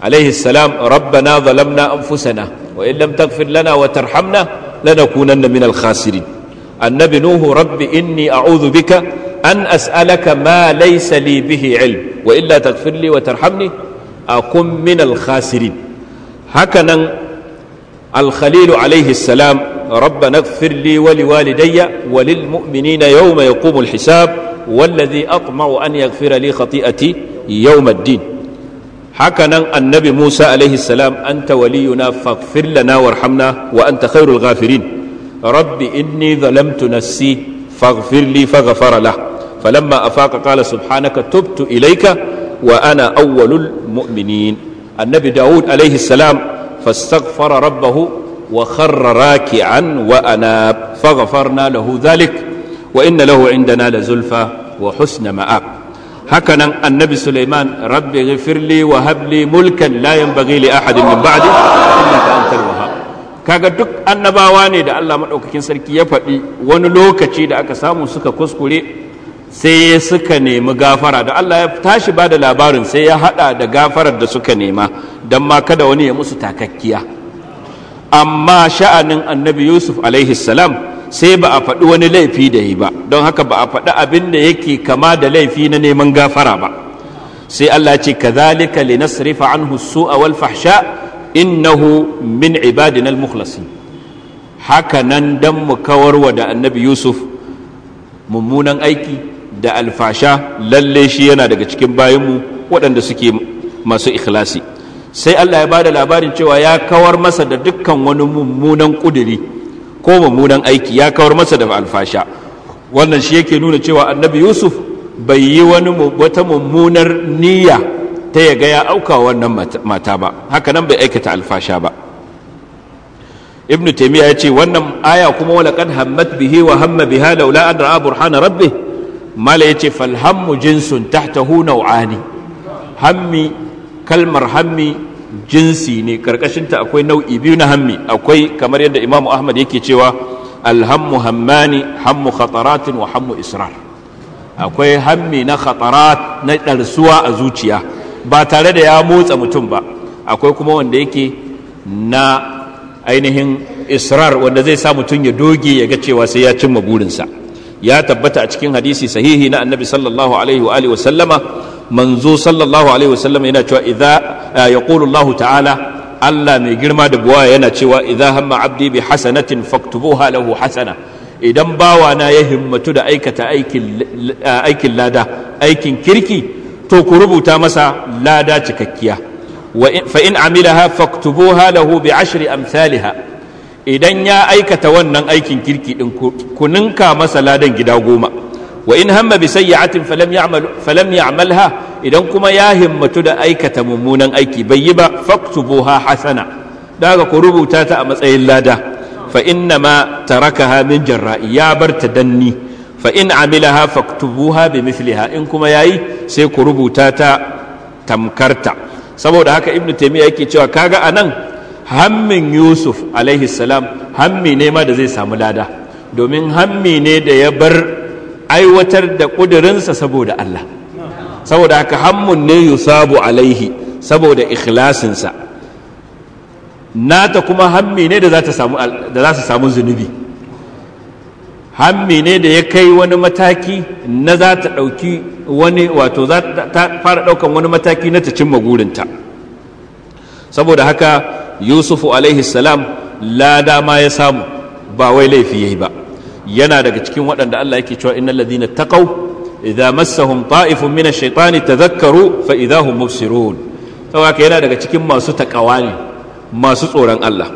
alaihi salam rabbana zalamna anfusana wa in lam taghfir lana wa tarhamna lanakunanna minal khasirin annabi nuhu rabbi inni a'udhu bika an as'alaka ma laysa li bihi ilm wa illa taghfir li wa tarhamni akun min al khasirin haka al khalil alayhi salam rabbana ighfir li wa liwalidayya wa lil mu'minina yawma yaqumu al hisab والذي أطمع أن يغفر لي خطيئتي يوم الدين هكذا النبي موسى عليه السلام أنت ولينا فاغفر لنا وارحمنا وأنت خير الغافرين رب إني ظلمت نفسي فاغفر لي فغفر له falamma afaka qala subhanaka tubtu ilaika wa ana awwalul mu'minin annabi daud alaihi salam fastaghfara rabbahu wa kharra raki'an wa ana faghfarna lahu dhalik wa inna lahu indana la zulfa wa husna ma'ab hakanan annabi sulaiman rabbi ghfirli wa habli mulkan la yanbaghi li ahadin min ba'di innaka antal wahhab kaga duk annabawa ne da Allah madaukakin sarki ya faɗi wani lokaci da aka samu suka kuskure sai suka nemi gafara da Allah ya tashi ba da labarin sai ya hada da gafarar da suka nema don ma kada wani ya musu takakkiya amma sha'anin annabi yusuf alaihi salam sai ba a faɗi wani laifi da yi ba don haka ba a faɗi abin da yake kama da laifi na neman gafara ba sai Allah ce kazalika linasrifa anhu su'a wal fahsha innahu min ibadina al haka nan dan mu wa da annabi yusuf mummunan aiki da alfasha lalle shi yana daga cikin bayanmu waɗanda suke masu ikhlasi sai Allah ya bada labarin cewa ya kawar masa da dukkan wani mummunan ƙuduri ko mummunan aiki ya kawar masa da alfasha wannan shi yake nuna cewa annabi yusuf bai yi wani wata mummunar niyya ta ya ga ya auka wannan mata ba haka nan bai aikata alfasha ba ibnu taimiyya ya ce wannan aya kuma wala kan hammat bihi wa hamma biha laula an ra'a burhana rabbih mala ce fal hammu jinsun tahtahu nau'ani hammi kalmar hammi jinsi ne karkashinta akwai nau'i biyu na hammi akwai kamar yadda imamu ahmad yake cewa alhammu hammani hammu khataratin wa hammu israr akwai hammi na khatarat na ɗarsuwa a zuciya ba tare da ya motsa mutum ba akwai kuma wanda yake na ainihin israr wanda zai sa mutum ya doge ya ga cewa sai ya cimma burinsa ya tabbata a cikin hadisi sahihi na annabi sallallahu alaihi wa alihi sallama manzo sallallahu alaihi wasallama yana cewa idza yaqulu Allah ta'ala Allah mai girma da buwa yana cewa idza hamma abdi bi hasanatin faktubuha lahu hasana idan bawa na ya himmatu da aikata aikin lada aikin kirki to ku rubuta masa lada cikakkiya fa in amilaha faktubuha lahu bi ashri amsalha idan ya aikata wannan aikin kirki din ku masa ladan gida goma wa in hamma bi sayyi'atin falam ya'malha idan kuma ya himmatu da aikata mummunan aiki bai yi ba faktubuha hasana daga ku rubuta ta a matsayin lada fa inna ma tarakaha min jarra'i ya barta danni fa in amilaha faktubuha bi mithliha in kuma yayi sai ku rubuta ta tamkarta saboda haka ibnu taymiya yake cewa kaga anan hammin yusuf alaihi salam hammi ne ma da zai samu lada domin hammi ne da ya bar aiwatar da ƙudurinsa saboda Allah saboda haka hammun ne yusabu alaihi saboda ikhlasinsa nata kuma hammi ne da za su samu zunubi hammi ne da ya kai wani mataki na za ta ɗauki wani wato za ta fara ɗaukan wani mataki na ta cimma gurinta saboda haka yusufu alaihi salam lada ma ya samu ba wai laifi yayi ba yana daga cikin waɗanda Allah yake cewa innal ladina taqaw idza massahum ta'ifun min ash-shaytani tadhakkaru fa idahum mubsirun to haka yana daga cikin masu takawa ne masu tsoron Allah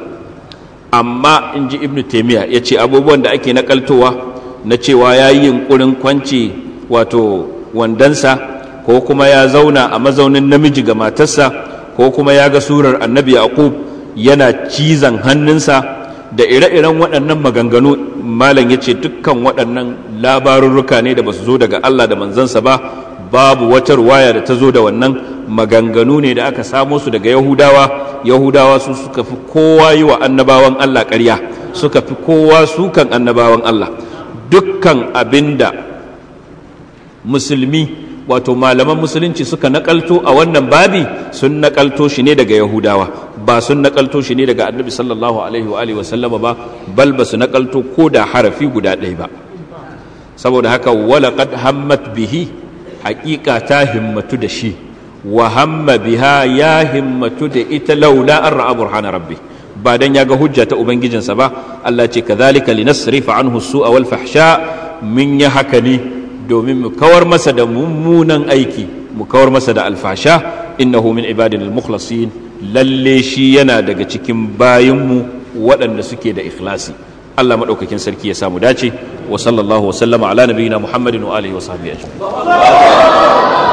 amma in ji ibnu taymiya yace abubuwan da ake nakaltowa na cewa yayi yunkurin kwanci wato wandansa ko kuma ya zauna a mazaunin namiji ga matarsa ko kuma ya ga surar annabi yaqub yana cizon hannunsa da ire-iren waɗannan maganganu malam ya ce dukkan waɗannan labarurruka ne da ba su zo daga Allah da manzansa ba babu wata ruwaya da ta zo da wannan maganganu ne da aka samo su daga yahudawa yahudawa su suka fi kowa yi wa annabawan Allah ƙarya suka fi kowa sukan annabawan Allah dukkan abinda musulmi wato malaman musulunci suka nakalto a wannan babi sun nakalto shi ne daga yahudawa ba sun nakalto shi ne daga annabi sallallahu alaihi wa alihi ba bal ba su nakalto ko da harafi guda ɗaya ba saboda haka walaqad hammat bihi haƙiƙa ta himmatu da shi wa hamma biha ya himmatu da ita laula an ra'a burhana rabbi ba dan ya ga hujja ta ubangijinsa ba Allah ce kadhalika linasrifa anhu su'a wal fahsha min ya haka ne domin mu kawar masa da mummunan aiki mu kawar masa da alfasha innahu min ibadil mukhlasin lalle shi yana daga cikin bayanmu waɗanda suke da ikhlasi Allah maɗaukakin sarki ya samu dace wa sallallahu wa sallama ala nabiyina Muhammadin wa alihi wa sahbihi ajma'in